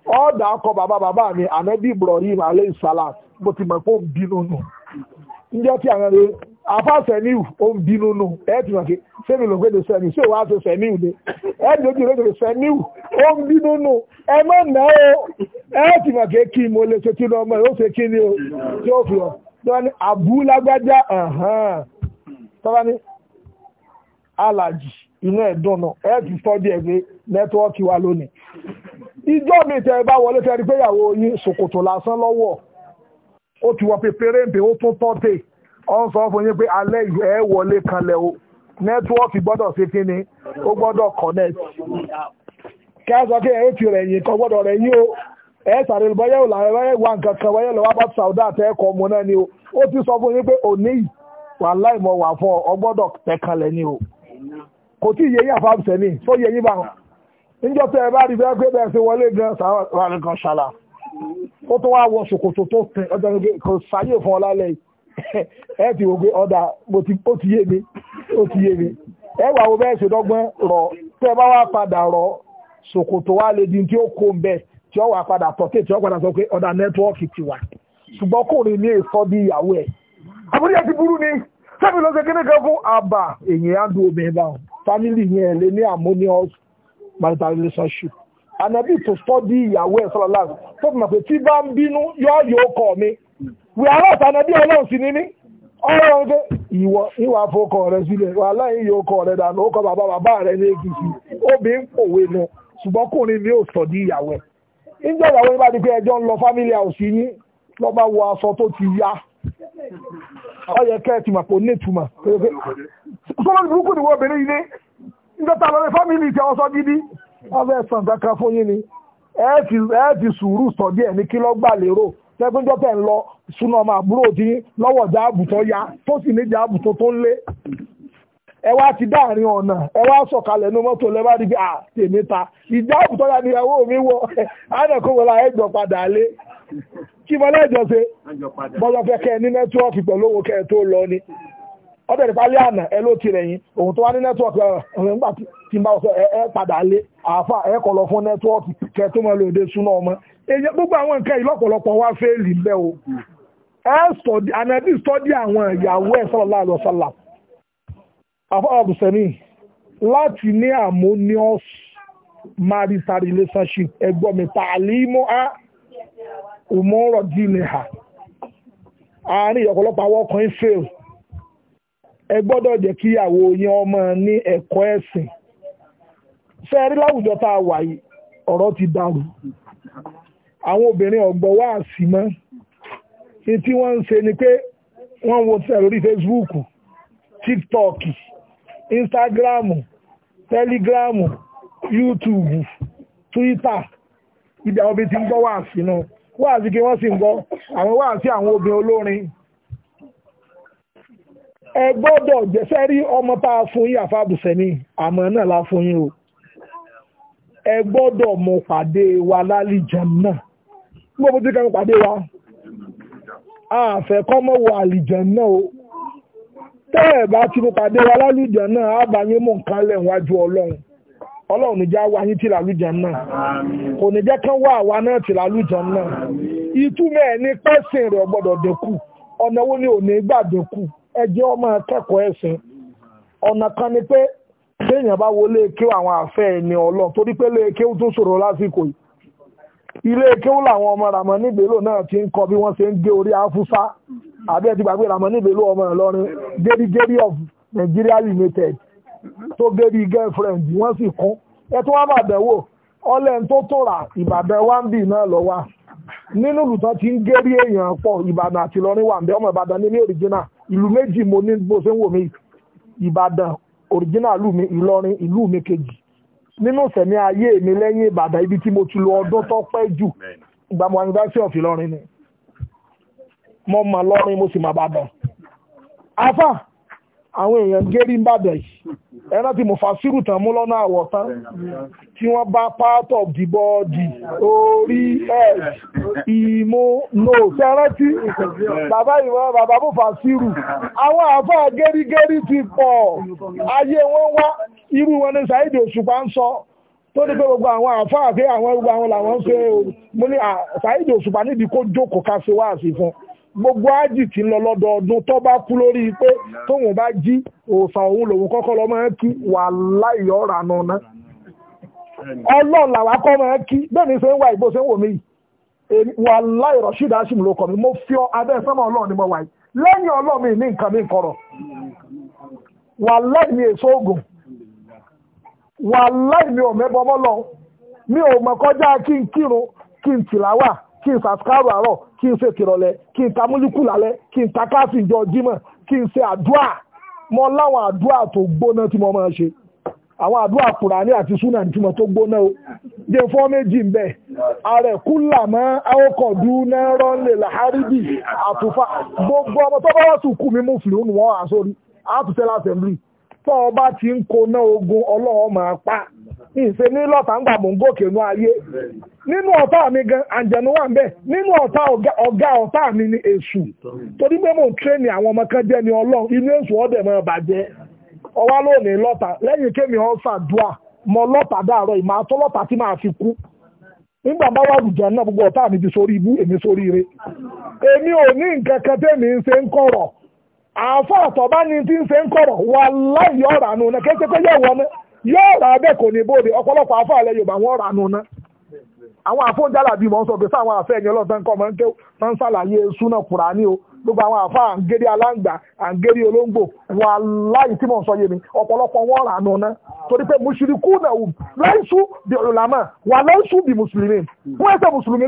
ọ̀dà akọ bàbá bàbá mi ànábì ibrahim alayhi salam mo ti mọ̀ afáfẹ́niu ó ń bínú nù ẹ ti mọ̀ pé sẹ́mi ló gbé de sẹ́niu sí òwò àti sẹ́niu de ẹ ti lójú lójú sẹ́niu ó ń bínú nù ẹ má nà ó ẹ ti mọ̀ pé kí mo lè ṣe kí ni ọmọ yóò ṣe kí ni o tí ó fi ọ tí wọ́n ní abúlágbájá tọ́lá ní alàjì inú ẹ̀dùn nù ẹ ti tọ́jú ẹ̀ pé nẹ́tíwọ́ọ̀kì wa lónìí ìjọ mi tẹ ẹ bá wọlé tẹ ẹ rí pé ìyàwó yín ṣòkòtò lásán lọ́wọ́ ó ti wọ pépéré ń pè ó tún tọ́ tè ọ ń sọ fún yín pé alẹ́ ẹ wọlé kanlẹ̀ o nẹ́tíwọ́ọ̀kì gbọ́dọ̀ ṣe kí ni ó gbọ́dọ̀ connect kí a sọ pé ẹ ti rẹ̀ yìí kan gbọ́dọ̀ rẹ̀ yìí o ẹ sàrẹ̀ bọ́yẹ̀ wò làwọn ẹ̀wẹ̀ wà nǹkan kan wọ́yẹ̀ lọ́wọ́ bá sàwọ́dà àtẹ́kọ̀ọ́ mu náà ni o ó ti sọ fún yín pé òní wà láìmọ̀ wà fún ọ gbọ́dọ̀ tẹ̀kanlẹ̀ ni o kò tí yẹ yín àfáàbùsẹ̀ ní tó yẹ yín bá wọn níjọ́ tẹ́ ẹ bá rí bẹ́ẹ̀ ẹ ti wò ọda ọ̀dà ó ti wo bẹ́ẹ̀ ṣe dọ́gbọ́n rọ̀ tẹ́ bá wá padà rọ̀ ṣòkòtò wá lè di tí ó kó ń bẹ̀ tí ó wà padà tọ̀tẹ̀ tí ó padà sọ pé ọ̀dà nẹ́tíwọ́ọ̀kì ti wà ṣùgbọ́n ti burú ni sẹ́mi fún àbà á dùn relationship ìyàwó pé tí mi wí aláta nàbí ọlọ́run sí ní ní ọlọ́run pé ìwọ ìwà fọkọ rẹ sílẹ̀ wà láyé yóò kọ rẹ dànù ó bàbá bàbá rẹ ní èkìtì obì ń pòwe nu ni ó sọ di ìyàwó ẹ̀ níjọ́ ìyàwó yín bá di pé ẹjọ́ ń lọ yín ti ya ọyẹ kẹ́ẹ̀tì mà pò nítumà sọlọ́dún burúkú ni obìnrin yìí ní ọsọ gidi kankan fún yín ni sùúrù sọ súnà ọmọ àbúrò tí lọ́wọ́ jáàbù ya tó sì ní jáàbù tó tó lé ẹ wá ti dáàrin ọ̀nà ẹ wá sọ̀kalẹ̀ ní mọ́tò lẹ́bàá rí bí à ya níyàwó mi wọ àádọ́kọ̀wọ́lá ẹ̀jọ̀ padà lé kí bọ́lá ẹ̀jọ̀ ṣe bọ́lá fẹ́ kẹ́ ẹ ní nẹ́tíwọ́ọ̀kì pẹ̀lú lọ ni ọbẹ̀ nípa lé àná ẹ ló tirẹ̀ yín òun tó wá ní nẹ́tíwọ́ọ̀kì ọ̀rẹ́ tí ẹ padà lé fún nẹ́tíwọ́ọ̀kì kẹ́ ẹ́sọ̀dí ànábì sọ́dí àwọn ìyàwó ẹ̀ sallallahu alaihi wasallam àfọ́ọ̀bùsẹ̀mí láti ní harmonious marital relationship ẹgbọ́n mi tààlímọ́ á òmòrò dínì hà àárín ọ̀pọ̀lọpọ̀ àwọn ọkùnrin fail ẹ gbọ́dọ̀ jẹ́ kí ìyàwó yẹn ọmọ ní ẹ̀kọ́ ẹ̀sìn ṣe rí láwùjọ tá a wà yìí ọ̀rọ̀ ti dàrú àwọn obìnrin ọ̀gbọ̀n wá àsìmọ́ tí wọ́n ń ṣe ni pé wọ́n wo tẹ̀ lórí Facebook TikTok Instagram Telegram YouTube Twitter ibi àwọn obìnrin ti ń gbọ́ wáàsí náà wáàsí kí wọ́n sì ń gbọ́ àwọn wáàsí àwọn obìnrin olórin ẹ gbọ́dọ̀ jẹ́sẹ́ rí ọmọ tá a fún yín àfàbùsẹ̀mí àmọ́ náà la fún yín o ẹ gbọ́dọ̀ mọ̀ pàdé wa lálìjẹ náà gbọ́dọ̀ tí pàdé wa àfẹ́ náà o tẹ́ ẹ̀ bá ti mú pàdé wa lálùjànnà á bá yín mú nǹkan lẹ̀ wájú ọlọ́run ọlọ́run níjà wá yín ti náà ti ìtumọ̀ ẹ̀ ní pẹ́sìn rẹ̀ gbọ́dọ̀ ni ò ní gbà dẹ́kù jẹ́ ọmọ akẹ́kọ̀ọ́ ẹ̀sìn ọ̀nà kan ni pé bá wọlé kí àwọn àfẹ́ ní ọlọ́run torí ilé kéwú làwọn ọmọ ràmọ́ níbèlò náà ti ń kọ bí se ṣe ń gé orí afúsá àbẹ́ ti gbàgbé ràmọ́ ọmọ of Nigeria United tó gẹ́rí girlfriend wọ́n sì kún ẹ tó wá bàbẹ̀wò ọlẹ́ tó tóra Ìbàdàn wá ń bì ti ń gẹ́rí èèyàn pọ̀ Ìbàdàn àti Ìlọrin wà ń ọmọ Ìbàdàn nílé original ìlú méjì mo ní bó ṣe ń original ìlú mi Ìlọrin nínú ìsẹ̀mí ayé mi lẹ́yìn Ìbàdàn ibi tí mo ti lo ọdún tó pẹ́ jù ìgbà mo anibásí ọ̀fìn lọ́rin ni mo mọ̀ lọ́rin mo sì mọ̀ Ìbàdàn afa àwọn èèyàn gérí ń bàdàn yìí ẹran tí mo fa sírù tán mú lọ́nà àwọ̀ tán tí wọ́n bá part of the body orí head ìmú no sẹ́rántí bàbá ìwọ́n bàbá mo fa sírù àwọn àfáà gérígérí ti pọ̀ ayé wọn wá irú wọn ní Saheed Òṣùpá ń sọ tó ní gbogbo àwọn àfáà afe àwọn gbogbo àwọn làwọn ń o. mo ní Saheed Òṣùpá níbi kó jókòó ká ṣe gbogbo ájì lọ tó bá kú lórí pé tóun bá jí òòsàn òun lòun lọ máa ń kí wà làwọn máa ń kí ni ṣe ń wá ìbò ṣe ń wò mí wà ló mo fi ni mo wà yìí lẹ́yìn mi ní mi wà láì ní wàláì mi ò mẹ́bọ mọ́lọ mi ò mọ̀ kọjá kí n kírun kí n tìláwà kí n sàskárò àárọ̀ kí n ṣe tìrọ̀lẹ́ kí n ta múlíkù lálẹ́ kí n ta káàsì ìjọ jímọ̀ kí n ṣe àdúà mọ láwọn àdúà tó gbóná tí mo máa ṣe àwọn àdúà Kùránì àti súnà tí mo tó gbóná o dé fọ́ méjì ń bẹ̀ ààrẹ kúlà mọ́ àwòkọ̀dú náà rọ́nlẹ̀ làhárídì àtúfà gbogbo ọmọ tó bá wà tún kù mí mú fìlú wọn àsórí àtúnṣe láti ẹ̀mí tọ́ ọ bá ti ń koná ogun ọlọ́wọ́ máa pa ìṣe ní lọ́tà ń gbà mò ń gòkè nú ayé nínú ọ̀tá mi gan àǹjẹ̀nú wà ń bẹ̀ nínú ọ̀tá ọ̀gá ọ̀tá mi ni èṣù torí pé mò ń tréni àwọn mọ ìmọ̀ tí fi kú nígbà bá gbogbo ọ̀tá mi ti ibú èmi ire èmi ò ní nǹkan kan tẹ́mi afọ àtọ̀bá ni tí ń nkọrọ wà láì ọ̀rà nù náà kéṣe pé yóò wọná yóò rà bẹ́ẹ̀ kò ní bóde ọ̀pọ̀lọpọ̀ àáfà afọ Yorùbá wọn rà nù náà àwọn àfọ̀njálà bíi mọ̀ nke sọ pé máa o gbogbo àwọn afọ aláǹgbà olóńgbò wà tí mò ń sọ yé mi wọn rà torí pé mùsùlùkù náà bí bí mùsùlùmí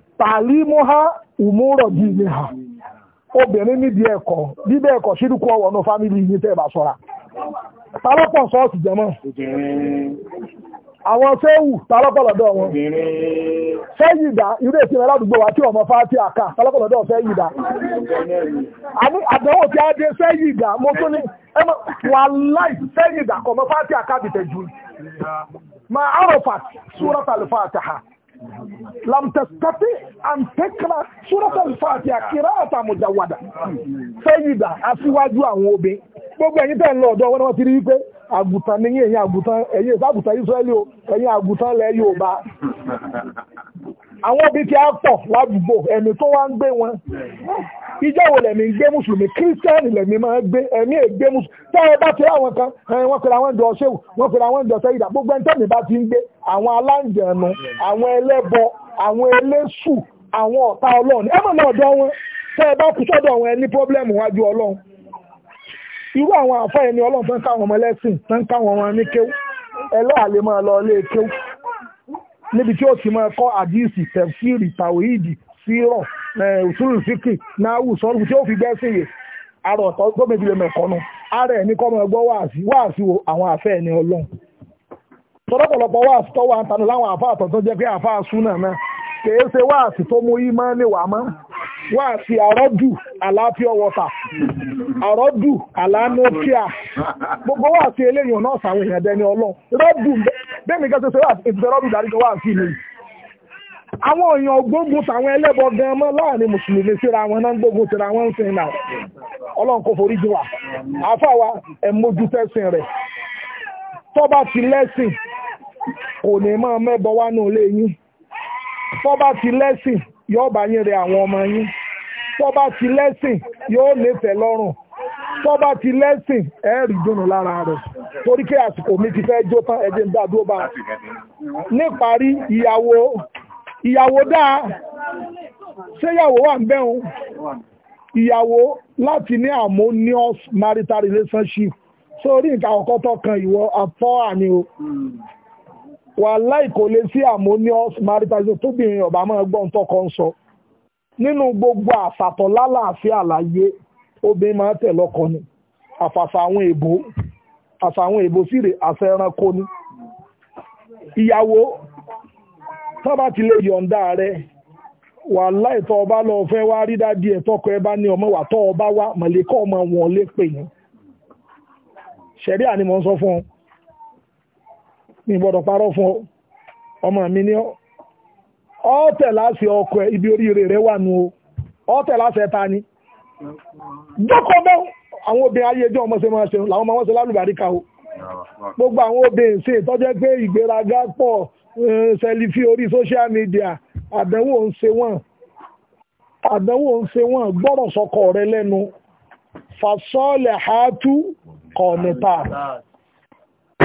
tàlímúhá umúrọ̀ dìní ha obìnrin nídìí ẹ̀kọ́ bíbẹ́ ẹ̀kọ́ ṣírùkú ọwọ́ náà fámìlì yìí tẹ́ bá ṣọ́ra tálọ́pọ̀ sọ́ọ̀sì jẹmọ́ àwọn sẹ́wù tálọ́pọ̀lọ́dọ̀ wọn sẹ́yìdá irú ètí rẹ̀ ládùúgbò wa tí ọmọ fáti àká tálọ́pọ̀lọ́dọ̀ sẹ́yìdá àdánwò tí a dé sẹ́yìdá mo tó ní ẹmọ wà láì sẹ́yìdá kọ̀mọ́ fáti àká bìtẹ̀ jù máa àròfà súrọ́tàlùfà àtàhà لم تستطيع أن تقرأ سورة الفاتحة قراءة مجودة سيدة aṣíwájú àwọn obìn gbogbo ẹ̀yin tẹ́ ń lọ ọ̀dọ̀ wọn wọ́n ti rí wípé àgùntàn ni ẹ̀yin àgùntàn ẹ̀yin àgùntàn àwọn ibi tí a pọ̀ ládùúgbò ẹ̀mí tó wá ń gbé wọn ìjọ wo lẹ̀mí ń gbé mùsùlùmí kírísítẹ́nì lẹ̀mí máa ń gbé ẹ̀mí ègbé mùsùlùmí tẹ́ ẹ bá ti rí àwọn kan wọ́n pèrè àwọn ìjọ ṣéwù wọ́n pèrè àwọn ìjọ sẹ́yìdà gbogbo ẹni tẹ́mi bá ti ń gbé àwọn aláǹjẹ̀nu àwọn ẹlẹ́bọ àwọn eléṣù àwọn ọ̀tá ọlọ́run ẹ mọ̀ náà dán wọn tẹ́ ẹ bá kú sọ́dọ̀ àwọn ẹni pọ́blẹ́mù wájú ọlọ́run irú àwọn àfáà ẹni ọlọ́run tán káwọn ọmọ ẹlẹ́sìn tán káwọn ọmọ ẹni kéwú ẹlẹ́ àlè máa lọ ilé kéwú níbi tí ó ti máa kọ́ àdíìsì tẹ̀fíìrì tàwíìdì sírọ̀ òṣùlù eh, síkì náà wù sọ́ọ́lù tí ó fi gbẹ́sìn yè ara ọ̀tọ̀ tó méjì lè mẹ̀kọ́ nu ara ẹ̀ ní kọ́ máa gbọ́ wáàsí wáàsí wo àwọn àfẹ́ ẹni ọlọ́run tọ́lọ́pọ̀lọpọ̀ wáàsí tọ́wọ́ àǹtanù láwọn àfa àtọ̀tọ̀ jẹ́ pé àfa àsúnà náà kèé ṣe wáàsí tó mú yín máa níwàá mọ́ wáàsí àrọ́dù àlàáfíà wọ́tà àrọ́dù àlàánúkíà gbogbo wáàsí eléyìn náà sàwọn èèyàn dẹni ọlọ́run rọ́dù ń bẹ́ẹ̀ni kẹ́sẹ̀ sọ́yà ìbẹ̀rọ̀ bí wà sí ilé àwọn èèyàn gbógun tàwọn gan mọ́ láàrin mùsùlùmí síra wọn náà gbógun wọn ń sin náà forí kò ní máa mẹ́bọ wá nù lé yín tọ́ba ti lẹ́sìn yóò bá yín ọmọ yín tọ́ba ti lẹ́sìn yóò tó bá ti lẹ́sìn ẹ rí dùnú lára rẹ̀ torí kí àsìkò mi ti fẹ́ jó tán ẹjẹ́ ń dá dúró bá níparí ìyàwó ìyàwó dáa ṣéyàwó wà ń bẹ́hùn ìyàwó láti ní harmonious marital relationship sórí nǹkan àkọ́kọ́ tó kan ìwọ afọ́ àní o wà láì lè sí harmonious marital relationship tóbìnrin ọ̀bà máa gbọ́n tọkọ ń sọ nínú gbogbo àfàtọ̀ lálàáfíà láyé obìnrin máa tẹ̀ lọ́kọ ni àfàṣà àwọn èèbó àṣà àwọn èèbó sì rè àṣà ẹranko ni ìyàwó tábà ti lè yọ̀ǹda rẹ̀ wàláhì tó ọba lọ fẹ́ wá rí dádì ẹ̀ tọkọ ẹ bá ní ọmọ wà tó ọba wá mọ̀lẹ́kọ́ ọmọ wọn lè pè yín ṣẹ̀rí àni sọ fún ọ mi gbọ́dọ̀ parọ́ fún ọ ọmọ mi ní ọ tẹ̀ láti ọkọ ẹ ibi oríire rẹ wà nù ọ tẹ̀ láti ẹ ta ni jókòó mọ́ àwọn obìnrin ayé ẹjọ́ ọmọ ṣe máa ṣe làwọn ọmọ wọn ṣe lálùbáríkà o gbogbo àwọn obìnrin ṣe ìtọ́jẹ́ pé ìgbéraga pọ̀ eh, sẹlifí orí social media àdánwò ń ṣe wọ́n àdánwò ń ṣe wọ́n gbọ́rọ̀ sọkọ rẹ lẹ́nu fasọ́ọ̀lẹ̀ hàátú kọ̀ọ̀nìtà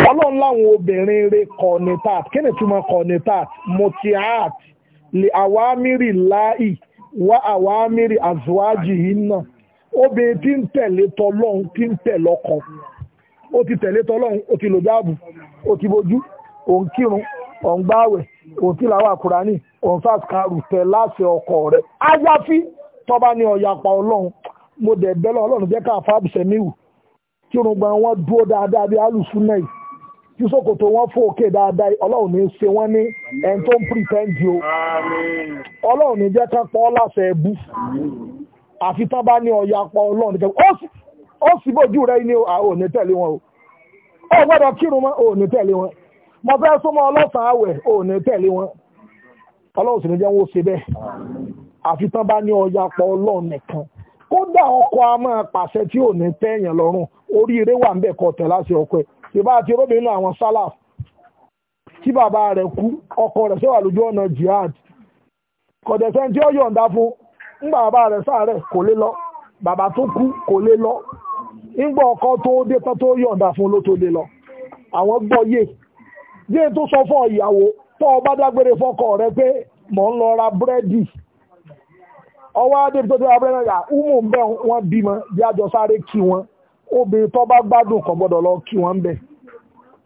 ọlọ́run láwọn obìnrin rẹ kọ̀ọ̀nìtà kí ni túmọ̀ kọ̀ọ̀nìtà mutiat lè àwámírì láì wa àwa mìíràn àzùwájì yìí náà obìnrin tí ń tẹ̀lé tọlọ́hún tí ń tẹ̀lé ọkọ ó ti tẹ̀lé tọlọ́hún ó ti lò jáàbù ó ti bojú òun kírun òun gbáwẹ̀ òun tí làwọn àkùránì òun sàkàrù tẹ̀ láṣẹ ọkọ rẹ̀ áyáfí tọ́ba ni ọ̀yàpá ọlọ́run mo dẹ̀ bẹ́lẹ̀ ọlọ́run jẹ́ ká fáàbù sẹ́míwù kírun gba wọn dúró dáadáa bí alùsùn náà yìí tí wọn fò òkè dáadáa ọlọ́run ní ṣe wọ́n ní ẹni tó ń o ọlọ́run ní jẹ́ ká pọ́ láṣẹ àfi tán bá ní ọ̀yà pọ̀ ọlọ́run ní kẹ́kọ̀ọ́ ó sì bójú rẹ ní àwọn òní wọn o ó gbọ́dọ̀ kírun mọ́ òní tẹ̀lé wọn mo fẹ́ ọlọ́sàn-án ọkọ a máa pàṣẹ tí ò ní lọ́rùn oríire wà ń bẹ̀ kọ́ ìbá àti róbìn náà àwọn sálàf tí bàbá rẹ̀ kú ọkọ rẹ̀ sẹ́wà lójú ọ̀nà jihad kọ̀dẹ̀sẹ́ tí ó yọ̀ǹda fún ńgbà bàbá rẹ̀ sáàrẹ̀ kò lè lọ bàbá tó kú kò lè lọ ńgbà ọkọ tó dé tán tó yọ̀ǹda fún ló tó lè lọ àwọn gbọ́ yé yé tó sọ fún ìyàwó tó ọba dágbére fọkọ rẹ pé mò ń lọ ra búrẹ́dì ọwọ́ adébítọ́ tó ra búrẹ́dì náà bẹ́ wọn bímọ bí a sáré kí wọn obìnrin tó bá gbádùn kò gbọ́dọ̀ lọ kí wọ́n ń bẹ̀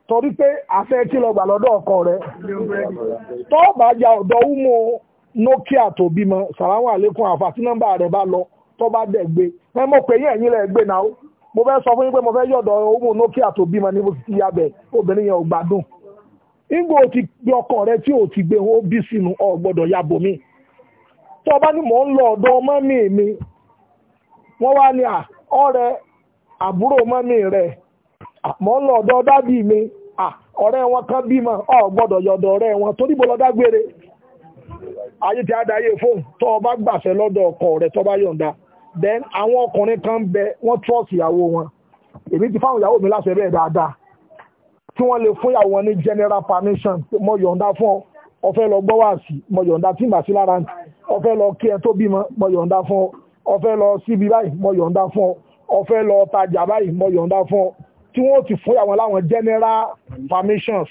torí pé àṣẹ kí lọ gbà lọ́dọ̀ ọkọ rẹ̀ tó bá ya ọ̀dọ̀ umo nokia tó bímọ sàlámù àlékún àfà tí nọ́mbà rẹ̀ bá lọ tó bá dẹ̀ gbé ẹ mọ̀ pé yẹn ẹ̀yìn lẹ̀ gbé náà mo fẹ́ sọ fún yín pé mo fẹ́ nokia tó bímọ ní mo ti obìnrin yẹn ò gbádùn ọkọ rẹ tí o ti gbé o bí ọ gbọdọ ya àbúrò mọ́mí rẹ̀ mọ́ ń lọ ọ̀dọ̀ dádì mi ọ̀rẹ́ wọn kan bímọ ọ̀ gbọ́dọ̀ yọ̀dọ̀ ọ̀rẹ́ wọn torí bó lọ dágbére ayé ti adáyé fóònù tó o bá gbàṣẹ lọ́dọ̀ ọkọ rẹ̀ tó bá yọ̀ǹda then àwọn ọkùnrin kan ń bẹ wọ́n trust ìyàwó wọn èmi ti fáwọn ìyàwó mi láṣẹ bẹ́ẹ̀ dáadáa tí wọ́n lè fún ìyàwó wọn ní general permission mo yọ̀ǹda fún ọ o fẹ́ lọ gbọ́ wáàsí mo yọ̀ǹda tí màá sí lára o fẹ́ lọ kí ẹ tó bímọ mo yọ̀ǹda fún ọ o fẹ́ lọ síbi báyìí mo yọ̀ǹda fún ọ ọ̀fẹ́ lọ tajà báyìí mọ yọ̀ǹda fún ọ tí wọ́n ti fún àwọn láwọn general permissions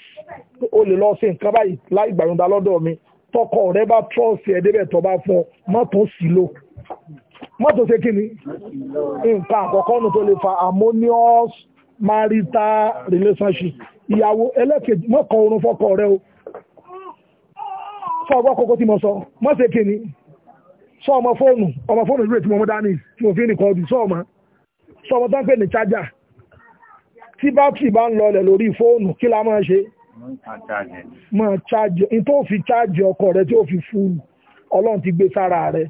o lè lọ sí nǹkan báyìí láì gbà lọ́dọ̀ mi tọkọ rẹ bá trust ẹ tó bá fún ọ mọ́tò sí lò mọ́tò ṣe kí ni nǹkan àkọ́kọ́ nù tó lè fa harmonious marital relationship ìyàwó ẹlẹ́kejì mọ́kàn oorun fọ́kọ rẹ o fọ́ ọgbọ́ kókó tí mo sọ mọ́ ṣe kí ni sọ ọmọ fóònù ọmọ fóònù ìlú ètí mo tí mo fi nìkan ọdún sọ ọmọ sọmọ tó ń ní chájà tí bátìrì bá ń lọlẹ̀ lórí fóònù kí la máa ṣe máa tó fi chájì ọkọ rẹ tí ó fi fúlù ọlọ́run ti gbé sára rẹ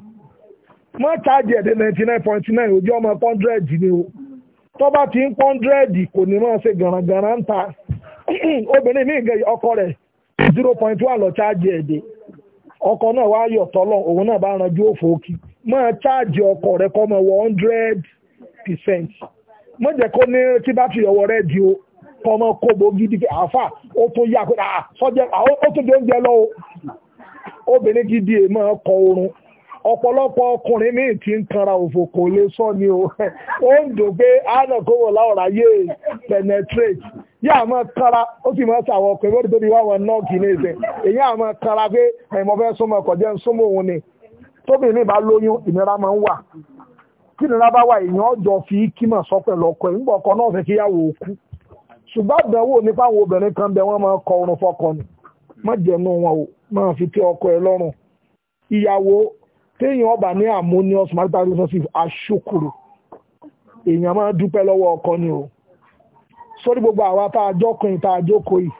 máa chájì ẹ̀dẹ̀ 99.9 ojú ọmọ ni o tó ti ń hundred kò ní máa ṣe gàràngàrà ń ta obìnrin mi gẹ ọkọ rẹ ọkọ náà tọ́lọ̀ òun náà bá ranjú òfò máa ọkọ rẹ kọ́ percent wọ́n jẹ́ kó ní tí bá ti ọwọ́ rẹ̀ di o gidi àáfà ó tó yá pé ah, sọ́jẹ́ ah, ó tó jẹ́ oúnjẹ lọ o obìnrin gidi ọkọ̀ e oorun ọ̀pọ̀lọpọ̀ ọkùnrin míì ti ń kanra òfò kò lè sọ ni o ó ń dò pé àánà kó wọ̀ yé penetrate kanra ó sì máa sàwọ̀ tóbi wáwọn nọ́ọ̀kì ní èyí kanra pé súnmọ́ ọkọ̀ jẹ́ súnmọ́ òun kí nira bá wà èèyàn ọjọ́ fi kímọ̀ sọ pẹ̀lú ọkọ ẹ̀ ńgbọ̀ ọkọ náà fẹ́ kí yàwó òkú ṣùgbọ́n àdánwò nípa àwọn obìnrin kan bẹ wọ́n máa kọ orun fọkọ ni má jẹnu wọn o máa fi tẹ ọkọ ẹ lọ́rùn ìyàwó téèyàn ọba ní harmonious marital relationship aṣókòrò èèyàn máa dúpẹ́ lọ́wọ́ ọkọ ni o sórí gbogbo àwa tá a jọkùnrin tá a jókòó yìí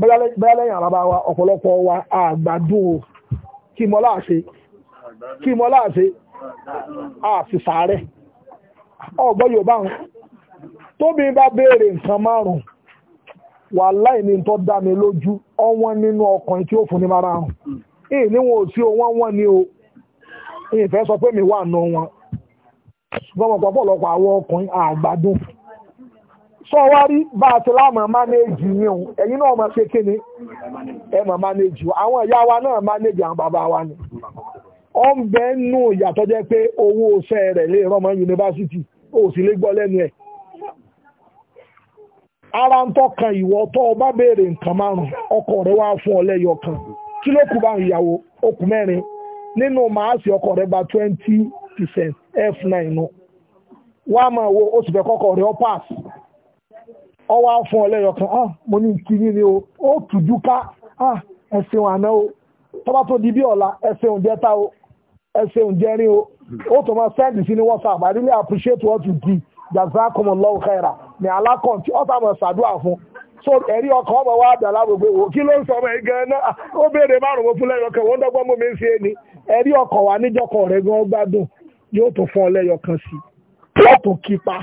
bẹ́ẹ̀ lẹ́yìn àràbà wa ọ̀pọ̀lọpọ̀ wa àgbàdùn o kí mọ́lá àṣe kí mọ́lá àṣe àti sàárẹ̀ ọ̀gbọ́n yorùbá wọn tóbi bá béèrè nǹkan márùn-ún wà láì ní tó dá mi lójú ọwọ́n nínú ọkùnrin tí ó fún ní mara hàn èyí ni wọn ò sí wọn wọn ni o èyí fẹ́ sọ pé mi wà nù wọn ṣùgbọ́n mọ̀ pọ̀pọ̀lọpọ̀ àwọn ọkùnrin àgbàdùn sọ wá rí bá a ti láàmà mánéèjì yín o ẹ̀yin náà máa ṣe kíni ẹ máa mánéèjì àwọn ìyá wa náà mánéèjì àwọn bàbá wa ni ọ ń bẹ nù ìyàtọ̀ jẹ́ pé owó iṣẹ́ rẹ̀ lè rọmọ yunifásitì ó sì lè gbọ́ lẹ́nu ẹ̀ ara ń tọkàn ìwọ tó o béèrè nǹkan márùn ọkọ rẹ fún ọ kan kù bá ìyàwó nínú màásì ọkọ rẹ gba twenty f nine wá ó sì ọ pass ọ wá fún ọ ah, o ó tùjú ká ah o tọ́ba tó di bí ọ̀la o ẹ ṣeun jẹ́rin o ó tó máa sẹ́ndì sí ní WhatsApp I really appreciate what you do jazakumullahu khaira ní alákọ̀ntì ọ̀tá mọ̀ ṣàdúrà fún so ẹ̀rí ọkọ̀ ọmọ wa dà lágbègbè wò kí ló ń sọ ọmọ ẹ̀gán náà ó béèrè márùn ún fún lẹ́yọkàn wọ́n dọ́gbọ́n mú mi ń ṣe é ni ẹ̀rí ọkọ̀ wa níjọkọ̀ rẹ̀ gan gbádùn yóò tún fún ọ lẹ́yọkàn sí i yóò tún kí pa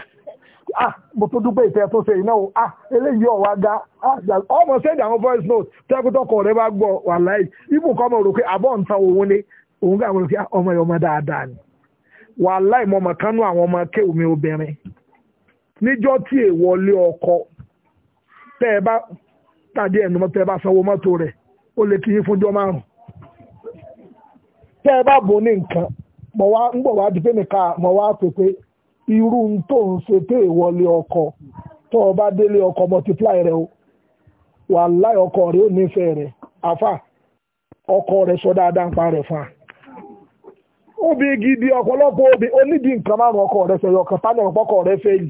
ah mo tó dúpẹ́ ìfẹ́ tó ṣe iná o ah eléyìí ọ̀wá ga ah, ọmọ sẹ́ndì àwọn voice note tẹ́kútọ́kọ̀ rẹ̀ bá gbọ́ wà láì ibùkọ́ ọmọ rò pé àbọ̀ ń tan òun ni òun gà wọ́n fi ọmọ yẹn ọmọ dáadáa ni wàhálà ìmọ̀mọ̀ kánú àwọn ọmọ kéwùmí obìnrin níjọ́ tí ọkọ tẹ́ ẹ bá tàdí ẹ̀nu tẹ́ ẹ bá sanwó mọ́tò rẹ ó lè kí yín fúnjọ́ márùn tẹ́ ẹ bá bò ní nǹkan mọ̀ wá ń bọ̀ wá di nìkan mọ̀ wá pè ọkọ bá ọkọ rẹ o ọkọ rẹ ò rẹ ọkọ rẹ sọ dáadáa ń obì gidi ọ̀pọ̀lọpọ̀ obì onídìí nǹkan márùn ọkọ rẹ fẹ̀yọ̀ kan tánà ọkọ rẹ fẹ́ẹ̀lì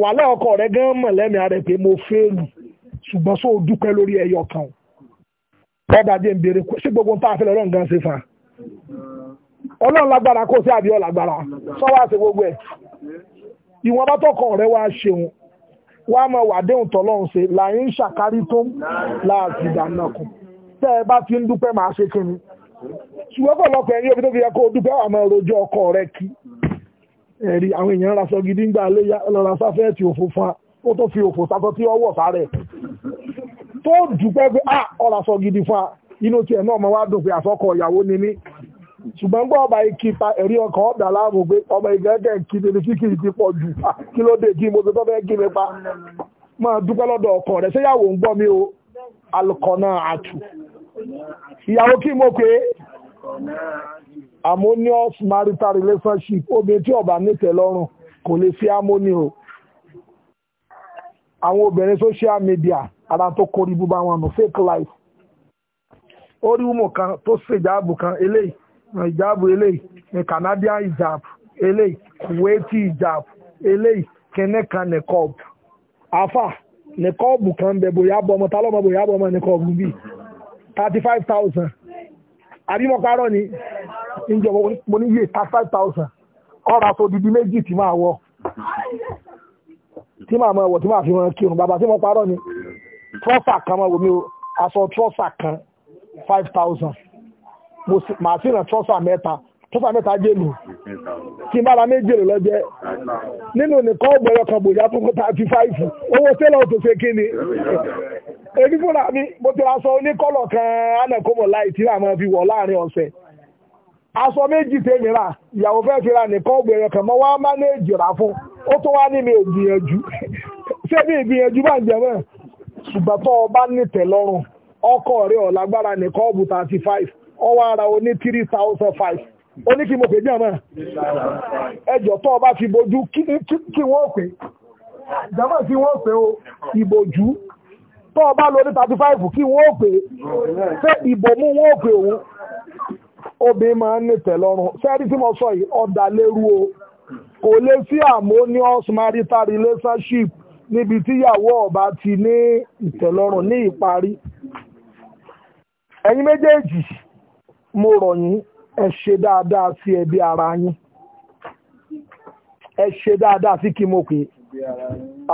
wàhálà ọkọ rẹ gan mọ̀ lẹ́mìí ara pé mo fẹ́ẹ̀lì ṣùgbọ́n sóò dúpẹ́ lórí ẹyọ kan ọba díẹ̀ ń béèrè sí gbogbo nǹkan àfẹ́lẹ́ ọlọ́run gan ṣe fà ọlọ́run lágbára kó sí àbí ọ̀làgbára sọ́wọ́ àti gbogbo ẹ̀ ìwọ̀n bá tọkọ rẹ wá ṣeun wá mọ wàdéhùn tọ́lọ́run ṣe láì ń ṣàkárí tó láàtì ìdáná kan ẹ bá ti ń dúpẹ́ máa ṣe kiri ṣùgbọ́n pọ̀lọpọ̀ ẹ̀yìn omi tó fi yẹ kó dúpẹ́ àwọn ọ̀rọ̀jọ́ ọkọ rẹ kí ẹ̀rí àwọn èèyàn ra sọ gidi ńgbà lọ́ra sáfẹ́ẹ̀tì òfófá ó tó fi òfò sátọ́ tí ọwọ́ sáré tó dúpẹ́ pé à ọ̀rà sọ gidi fún a inú tiẹ̀ náà mọ̀ wá dùn pé àsọkọ ìyàwó ni mí ṣùgbọ́n gbọ́ ọba ikí pa ẹ̀rí ọkọ̀ ọ̀dà láàbò pé ọba ìgẹ́gẹ́ kí kí kì í ah, o alùkọ̀ náà àtù ìyàwó pé harmonious marital relationship obìnrin tí ọba nítẹ́ lọ́rùn kò lè fi harmony o àwọn obìnrin social media ara tó kórí búba wọn nù fake life ó rí kan tó ṣe ìjáàbù kan eléyìí ìjáàbù eléyìí Canadian ìjáàbù eléyìí Kuwaiti ìjáàbù eléyìí kẹ́nẹ́kan nìkọ́ọ̀bù afa nìkọ́ọ̀bù kan bẹ̀ bóyá bọ́ ọmọ tálọ́mọ bóyá bọ́ ọmọ nìkọ́ọ̀bù bíi thirty five thousand àbí mo parọ́ ni ìjọ mo ní yé five thousand ọ̀rọ̀ aṣọ odidi méjì tí máa wọ̀ tí màá máa wọ̀ tí màá fi wọn kírun bàbá tí mo parọ́ ni trọ́sà kan máa wò mí o aṣọ trọ́sà kan five thousand màá sì ràn trọ́sà mẹ́ta tọ́fà mẹ́ta jẹ́lù tí n bá ra méjèlè lọ́jẹ́ nínú nìkan ọgbẹ̀rẹ̀ kan bòjá tó kọta 35 fáìfù owó tẹ́lẹ̀ ò kí ni èyí mi mo ti sọ oníkọ́lọ̀ kan anẹ́kọ́mọ̀ láì tí ra máa fi wọ̀ láàrin ọ̀sẹ̀ aṣọ méjì tèmi rà ìyàwó fẹ́ fi ra nìkan ọgbẹ̀rẹ̀ kan mọ́ wá rà fún ó tó wá ní mi ṣé mi ìgbìyànjú bá ń jẹ mọ́ nìtẹ̀ lọ́rùn ọkọ̀ ó ní kí mo pè ní àmọ́ ẹjọ́ tó ọba fi bojú kí wọ́n pè jàmọ́ kí wọ́n pè o ìbojú tó ọba lórí 35 kí wọ́n pè fẹ́ ìbòmú wọ́n pè òun obìnrin máa ń nìtẹ̀ lọ́rùn sẹ́rí tí mo sọ yìí ọ̀dà lérú o kò lè sí harmonious marital relationship níbi tíyàwó ọba ti ní ìtẹ̀lọ́rùn ní ìparí ẹ̀yin méjèèjì mo rọ̀ yín ẹ ṣe dáadáa sí ẹbí ara yín ẹ ṣe dáadáa sí kí mo pè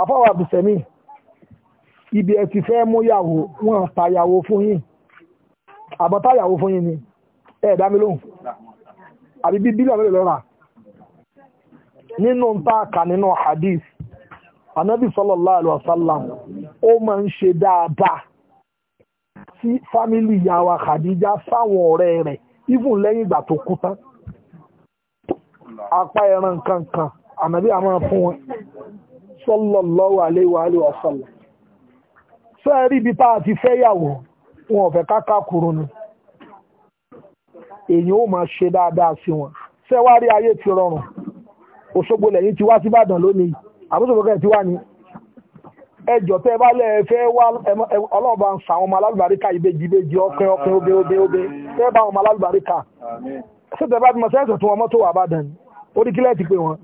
àfọwọ́ àbùsẹ̀mí ibi ẹ ti fẹ́ mú yàwó wọn tàyàwó fún yín àbọ̀tàyàwó fún yín ni ẹ dá mi lóhùn àbí bí bílíọ̀nù lè lọ́ra nínú ta kà nínú hadith anabi sallallahu alaihi wasallam ó máa ń ṣe dáadáa sí fámìlì ìyá wa Khadija sáwọn ọ̀rẹ́ rẹ̀ even lẹ́yìn ìgbà tó kú tán apá ẹran kankan ànàbí àmọ́ fún wọn sallallahu alaihi wa alihi wasallam sọ ẹ̀rí ibi tá a ti fẹ́ yàwó wọn ò fẹ́ káká kúrò ni èyí ó máa ṣe dáadáa sí wọn ṣé ayé ti rọrùn Òṣogbo lẹ́yìn ti wá síbàdàn lónìí àbúṣogbo kẹ́ ti wá ní ẹjọ́ tẹ́ bá lẹ́ fẹ́ wá ọlọ́ọ̀bá ń fa ọmọ alálùbáríkà ìbejì ìbejì ọkùn ọkùn obe obe obe bá ọmọ bá ti mọ̀ tó wọn mọ́tò ti pé wọn.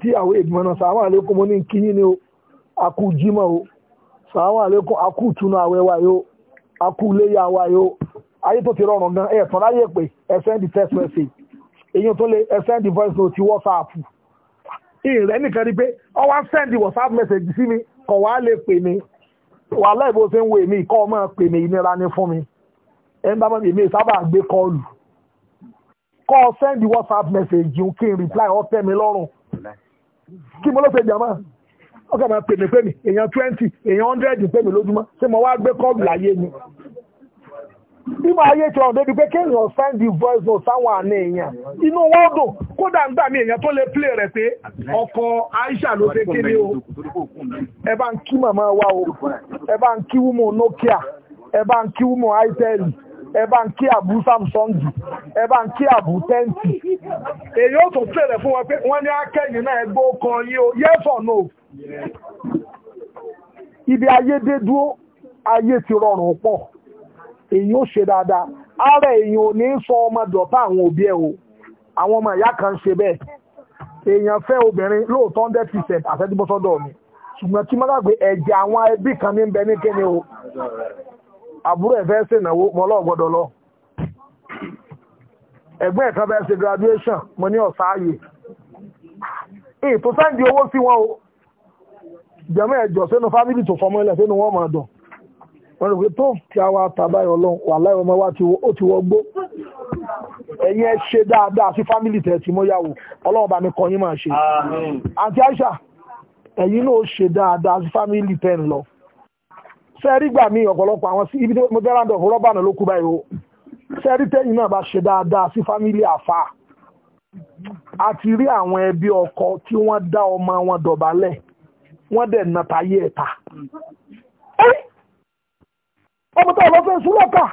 tí àwọn èèyàn náà sàwọn àlékún mo ní kíyìn o àkú o sàwọn àlékún àkú ìtúnu àwẹ̀ wa yóò àkú iléyà wa yóò ayé tó ti rọrùn gan ẹ̀ tán láyé pé èyí tó voice note ti WhatsApp ìrẹ́ nìkan rí pé ọwọ́ sẹ́ndì whatsapp message sí mi kọ̀ wá lè pè mí wà láìbó ṣe ń wo èmi ìkọ́ ọmọ pè mí ìnira ní fún mi ẹ̀ ń bá mọ́ èmi sábà gbé kọ́ọ̀lù kọ́ ọ sẹ́ndì whatsapp message yìí kí n reply ọ tẹ́ mi lọ́rùn kí mo ló ṣe jàmọ́ ọkọ̀ máa pè mí pè mí èèyàn twenty èèyàn hundred pè mí lójúmọ́ ṣé mo wá gbé kọ́ọ̀lù láyé mi bí máa yé tí ọ̀rọ̀ débi pé kéèyàn sign the voice note sáwọn àna èèyàn inú wọn dùn kódà ń gbà mí èèyàn tó lè play rẹ̀ pé ọkọ Aisha ló ṣe kéde o ẹ bá ń kí màmá wa o ẹ bá ń kí wúmọ Nokia ẹ bá ń kí wúmọ Itel ẹ bá ń kí àbú Samsung ẹ bá ń kí àbú tẹ́ǹtì èyí ó tún play rẹ̀ fún wọn pé wọ́n ní akẹ́yìn náà ẹgbẹ́ ọkọ yín o yes or no ibi ayédédúró ayé ti rọrùn pọ̀ èyí ó ṣe dáadáa ara èyí ò ní sọ ọmọ dọ̀tá àwọn òbí ẹ̀ o àwọn ọmọ ìyá kan ṣe bẹ́ẹ̀ èèyàn fẹ́ obìnrin lóòótọ́ hundred percent àfẹ́dúbọ́sọ́dọ̀ mi ṣùgbọ́n tí mo gbàgbé ẹ̀jẹ̀ àwọn ẹbí kan ní bẹ ní kíni o àbúrò ẹ̀ fẹ́ ṣe ìnáwó mo lọ́ọ̀ gbọ́dọ̀ lọ ẹ̀gbọ́n ẹ̀ kan fẹ́ ṣe graduation mo ní ọ̀sá ààyè èyí tó sáǹdì owó sí wọn o jẹ́mọ́ ẹ̀jọ̀ sínú fámìlì tó fọmọ́ ilẹ̀ sínú wọn mọ̀ ọ̀dọ̀ wọ́n rò pé tó kí a wá ọlọ́run wà láì ọmọ ó ti wọgbó ẹ̀yin ẹ ṣe dáadáa sí fámìlì tẹ̀sí mọ́yàwó ọlọ́run bá yín máa àti Aisha ẹ̀yìn náà ṣe dáadáa sí fámìlì tẹ̀ ń lọ gbà mí ọ̀pọ̀lọpọ̀ àwọn sí ibi tí mo dọ̀ rọ́bà náà ló kú báyìí o a rí àwọn ẹbí ọkọ tí wọ́n dá ọmọ wọn dọ̀bálẹ̀ wọ́n dẹ̀ nàtàyé ẹ̀ta mm. ọmọ tó súlọ́kà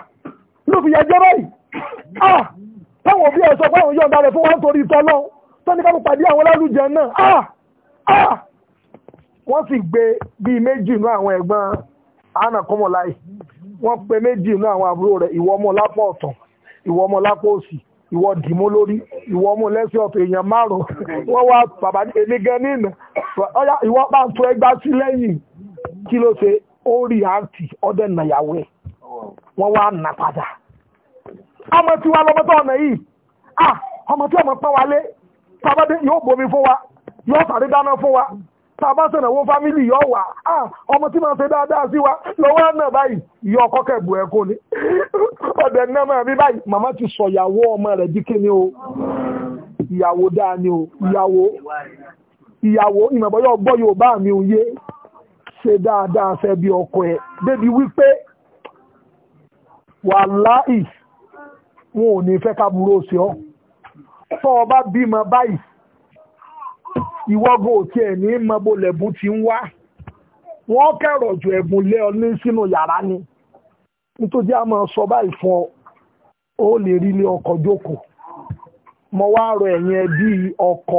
ló fi báyìí ah táwọn òbí ẹ̀ sọ pé àwọn yọ̀ǹda rẹ̀ fún wa nítorí tọ́lọ́ tó ní ká pàdé àwọn lálùjẹ náà ah ah wọ́n sì gbé bíi méjì inú àwọn ẹ̀gbọ́n anna kọ́mọláì wọ́n pe méjì inú àwọn àbúrò rẹ̀ ìwọ ọmọ lápá ọ̀tàn ìwọ ọmọ lápá òsì ìwọ dìmú lórí ìwọ ọmọ lẹ́sẹ̀ ọ̀tọ̀ èèyàn márùn-ún wọ́n wá bàbá èmi gan nínú ìwọ bá ń tún ẹgbá sí lẹ́yìn kí ló ṣe ó rí àǹtí ọdẹ nàyàwó ẹ̀ wọ́n wá nà padà ọmọ tí wà lọ́mọ tó ọ̀nà yìí ah ọmọ tí ọmọ pọ́n wálé tàbádé yóò bomi fún wa yóò sàrí dáná fún wa tàbá sẹ̀nà wọ́n fámìlì yóò wà ah ọmọ tí máa dáadáa sí wa lọwọ báyìí yóò bu ni máa bí báyìí màmá ti sọ ọmọ rẹ jí o ìyàwó o ìyàwó ìyàwó yóò ṣe dáadáa fẹ́ bí ọkọ ẹ̀ débi wípé wàláì wọn ò ní fẹ́ kábúrò sí ọ tọ́ ọ bá bímọ báyìí ìwọ́gbọ̀n òtí ẹ̀ ní mọ́bólẹ̀bùn ti ń wá wọ́n kẹ̀rọ̀ jù ẹ̀bùn lé ọ ní sínú yàrá ni nítorí a máa sọ báyìí fún ọ ó lè rí ilé ọkọ̀ jókòó mo wá rọ ẹ̀yin ẹbí ọkọ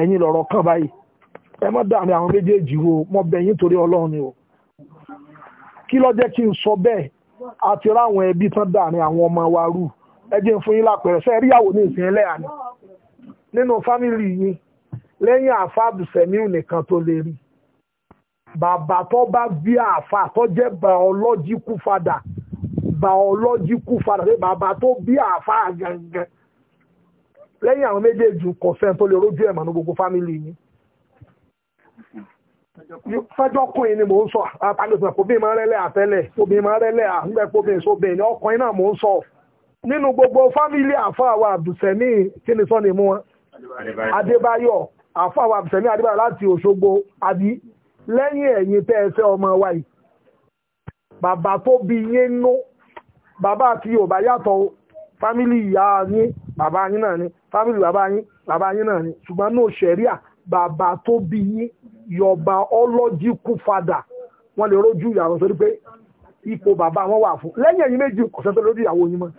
ẹ̀yin lọ̀rọ̀ kan báyìí ẹ má dààmú àwọn méjèèjì o mo bẹ̀ yín torí ọlọ́run ni o kí ló jẹ́ kí n sọ bẹ́ẹ̀ àti ráwọn ẹbí tán dààmú àwọn ọmọ wa rú ẹ jẹ́ fún yín lápẹ̀rẹ̀ sẹ́ẹ̀ ríyàwó ní ìsìn ẹlẹ́yà ni nínú fámìlì yín lẹ́yìn àfa abdulsemiu nìkan tó lè rí bàbá tó bá bí àfa tó jẹ́ biological father biological father pé bàbá tó bí àfa gangan lẹ́yìn àwọn méjèèjì kọ̀ọ̀sẹ́ tó lè rójú ẹ̀mọ́ ní gbogbo fámìlì yín fẹjọ́ kún yìí ni mò ń sọ àtàlùfẹ́ fòbí máa rẹ́lẹ̀ àtẹ́lẹ̀ fòbí máa rẹ́lẹ̀ àgbẹ̀ fòbí sóbìn ní ọkùnrin náà mò ń sọ nínú gbogbo fámìlì àfàwà àbùsẹ̀mí kí ni sọ́ni mú wọn adébáyọ̀ àfàwà àbùsẹ̀mí adébáyọ̀ láti òṣogbo àbí lẹ́yìn ẹ̀yìn tẹ́ ẹ fẹ́ ọmọ wa yìí bàbá tó bí yín nú bàbá àti yorùbá yàtọ̀ fámìlì ìyá yín bàbá yín náà ni fámìlì bàbá yín bàbá yín náà ni ṣùgbọ́n náà ṣẹ̀ríà bàbá tó bí yín your biological father wọ́n lè rójú ìyàwó sórí pé ipò bàbá wọn wà fún lẹ́yìn ẹ̀yìn méjì kò sẹ́ńtọ́ lórí ìyàwó yín mọ́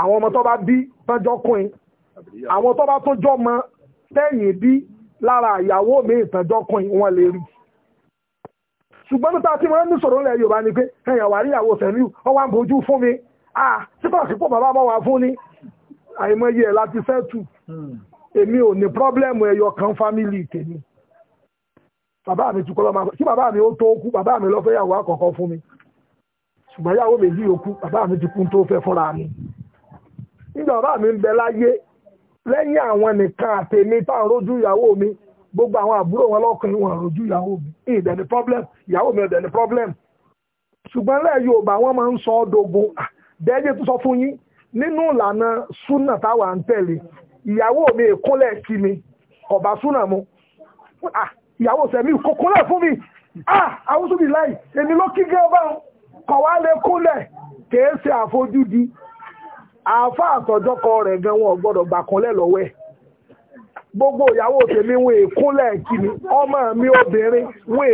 àwọn ọmọ tó bá bí tọ́jọ́kùnrin àwọn tó bá tó jọ́ mọ tẹ́yìn bí lára ìyàwó mi ìtọ́jọ́kùnrin wọ́n lè rí ṣùgbọ́n nípa tí wọ́n ní sọ̀rọ̀ ilẹ̀ Yorùbá ni pé ẹ̀yàn wà rí ìyàwó sẹ̀lú ọwá ń bójú fún mi ah sípò sípò bàbá mọ́ wà fún ni àìmọye ẹ̀ láti fẹ́ tù hmm èmi ò ní pọ́blẹ́mù ẹyọ kan fámìlì tèmi bàbá mi ti kọ́ lọ́mọ akọ kí bàbá mi ó tó kú bàbá mi lọ́fẹ́ yàwó àkọ́kọ́ fún mi ṣùgbọ́n yàwó méjì yòókù bàbá mi ti kú tó fẹ́ fúnra mi nígbà bàbá mi ń bẹ láyé lẹ́yìn àwọn nìkan àtẹ̀mí tá à ń rójú ìyàwó mi gbogbo àwọn àbúrò wọn lọ́kùnrin wọn rojú ìyàwó mi ìdẹ̀ ni problem ìyàwó mi ìdẹ̀ ni problem ṣùgbọ́n lẹ́yìn yorùbá wọn máa ń sọ ọ́ dogun ah, dẹ́jẹ́ tó sọ fún yín nínú ìlànà súnà táwa ń tẹ̀lé ìyàwó mi ìkúnlẹ̀ kí mi suna súnà mu ah, ìyàwó sẹ̀mí fún mi ah, àwùsùnmí láì èmi ló kí gẹ́gẹ́ báwọn kọ̀ wá lè kúnlẹ̀ kìí ṣe àfojúdi àáfà àtọ̀jọ́kọ rẹ̀ gan wọn gbọ́dọ̀ gbà kúnlẹ̀ lọ́wọ́ ẹ̀ gbogbo ìyàwó wọn mi obìnrin wọn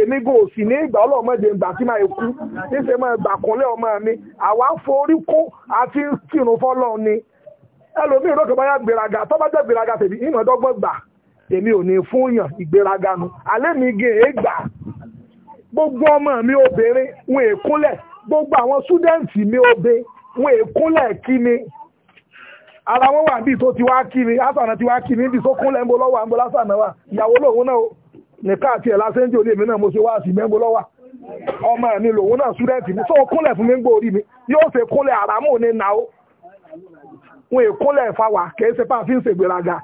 èmi gò ní ìgbà ọlọ́mọdé ìgbà tí máa kú máa ọmọ mi àwa forí kó àti kírun fọ́lọ́ ni ẹlòmíì lókè bá yá gbéraga tó bá jẹ́ gbéraga tèmi ìmọ̀dọ́gbọ́n gbà èmi ò ní fún yàn ìgbéraga nu alẹ́ mi gé e gbà gbogbo ọmọ mi obìnrin wọn èkúnlẹ̀ gbogbo àwọn súdẹ́ǹtì mi obe wọn èkúnlẹ̀ kí mi ara wọn wà bíi tó ti wá kí mi lásànà ti wá kí mi bíi tó kúnlẹ̀ ń bo lọ́wọ́ à lásànà wa ìyàwó lòun náà nìka àti ẹ̀ lásán jẹ́ olè mi náà mo ṣe wá sí mẹ́ńgbó ọmọ mi lòun náà súdẹ́ǹtì mi tó kúnlẹ̀ fún mi ń gbòórí mi yóò ṣe kúnlẹ̀ àràmù ní nàó wọn èkólẹ̀ fáwà kìí ṣe pàfin ṣègbéraga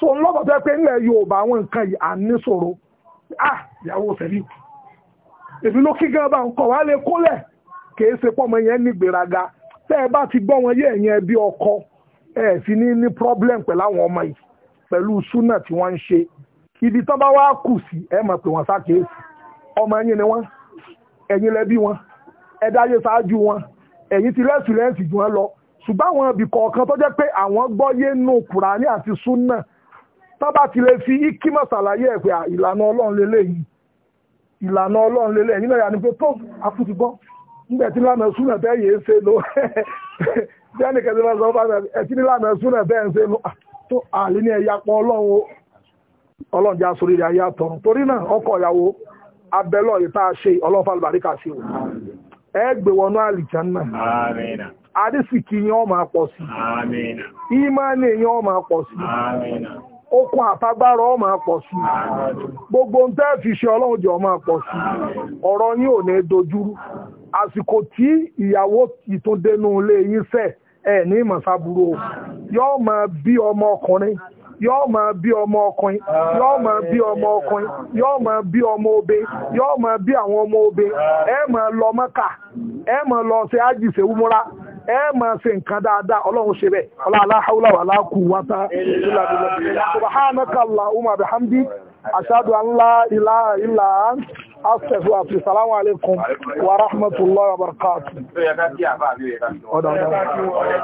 so ń lọ́bọ̀ tó yẹ pé ńlẹ̀ Yorùbá àwọn nǹkan yìí à ní ah ìyàwó sẹ́rí èmi ló kí gan bá ń kọ̀ wá lè kólẹ̀ kìí ṣe pọ́mọ yẹn ní gbéraga tẹ́ ẹ bá ti gbọ́ wọn yé ẹ̀yẹn bí ọkọ ẹ̀ sì ní ní problem pẹ̀lú àwọn ọmọ yìí pẹ̀lú súnà tí wọ́n ń ṣe ibi tán bá wá kù sí ẹ mọ̀ pé wọ́n ṣàkíyèsí ọmọ yín ni wọ́n ẹ̀yin lẹ́bí wọn ẹ̀dáyé ṣáájú wọn ẹ̀yin ti lẹ́sùlẹ́sì jù wọ́n lọ ṣùgbọ́n àwọn ibì kọ̀ọ̀kan tó jẹ́ pé àwọn gbọ́yé nù kùránì àti súnà tábà ti lè fi ikímọ̀ ṣàlàyé ẹ̀ pé ìlànà ọlọ́run lélẹ́yìí ìlànà ọlọ́run lélẹ̀ nínú ìyá ni pé tó àfútùgbọ́ nígbẹ̀ tí lánà súnà bẹ́ẹ̀ yìí ṣe ló jẹ́ni kẹsì máa sọ fáwọn ẹ̀tí ní lánà súnà bẹ́ẹ̀ ṣe ló tó àlè ní ẹ̀yà pọ̀ ọlọ́run ọlọ́run já sórí ìyá yàtọ̀ torí náà ọkọ ìyàwó abẹ́lọ́ yìí tá a ṣe ọlọ́run fàlùbáríkà ṣe o ẹ gbé wọnú àlìjánná àdísìkì yẹn ó máa pọ̀ sí i ìmánì yẹn ó máa pọ̀ sí i okun àtagbára ó máa pọ̀ gbogbo ń tẹ́ fi ṣe ọlọ́run jẹ́ ó máa pọ̀ sí i ọ̀rọ̀ yín ò ní dojúrú àsìkò tí ìyàwó ìtúndénú ilé yín fẹ́ ẹ̀ ní ìmọ̀sáburú o yóò máa bí ọmọ ọkùnrin yóò máa bí ọmọ ọkùnrin yóò máa bí ọmọ ọkùnrin yóò máa bí ọmọ obe yóò máa bí àwọn ọmọ obe ẹ ma lọ maka, ẹ ma lọ ṣe ájìṣẹ́ wúmúra ẹ máa ṣe nǹkan dáadáa ọlọ́run ṣe bẹ́ẹ̀ ọlọ́lá haúlá wà láàkú wáta subhanakallahumma bihamdi ashhadu an la ilaha illa ant astaghfiruka assalamu alaikum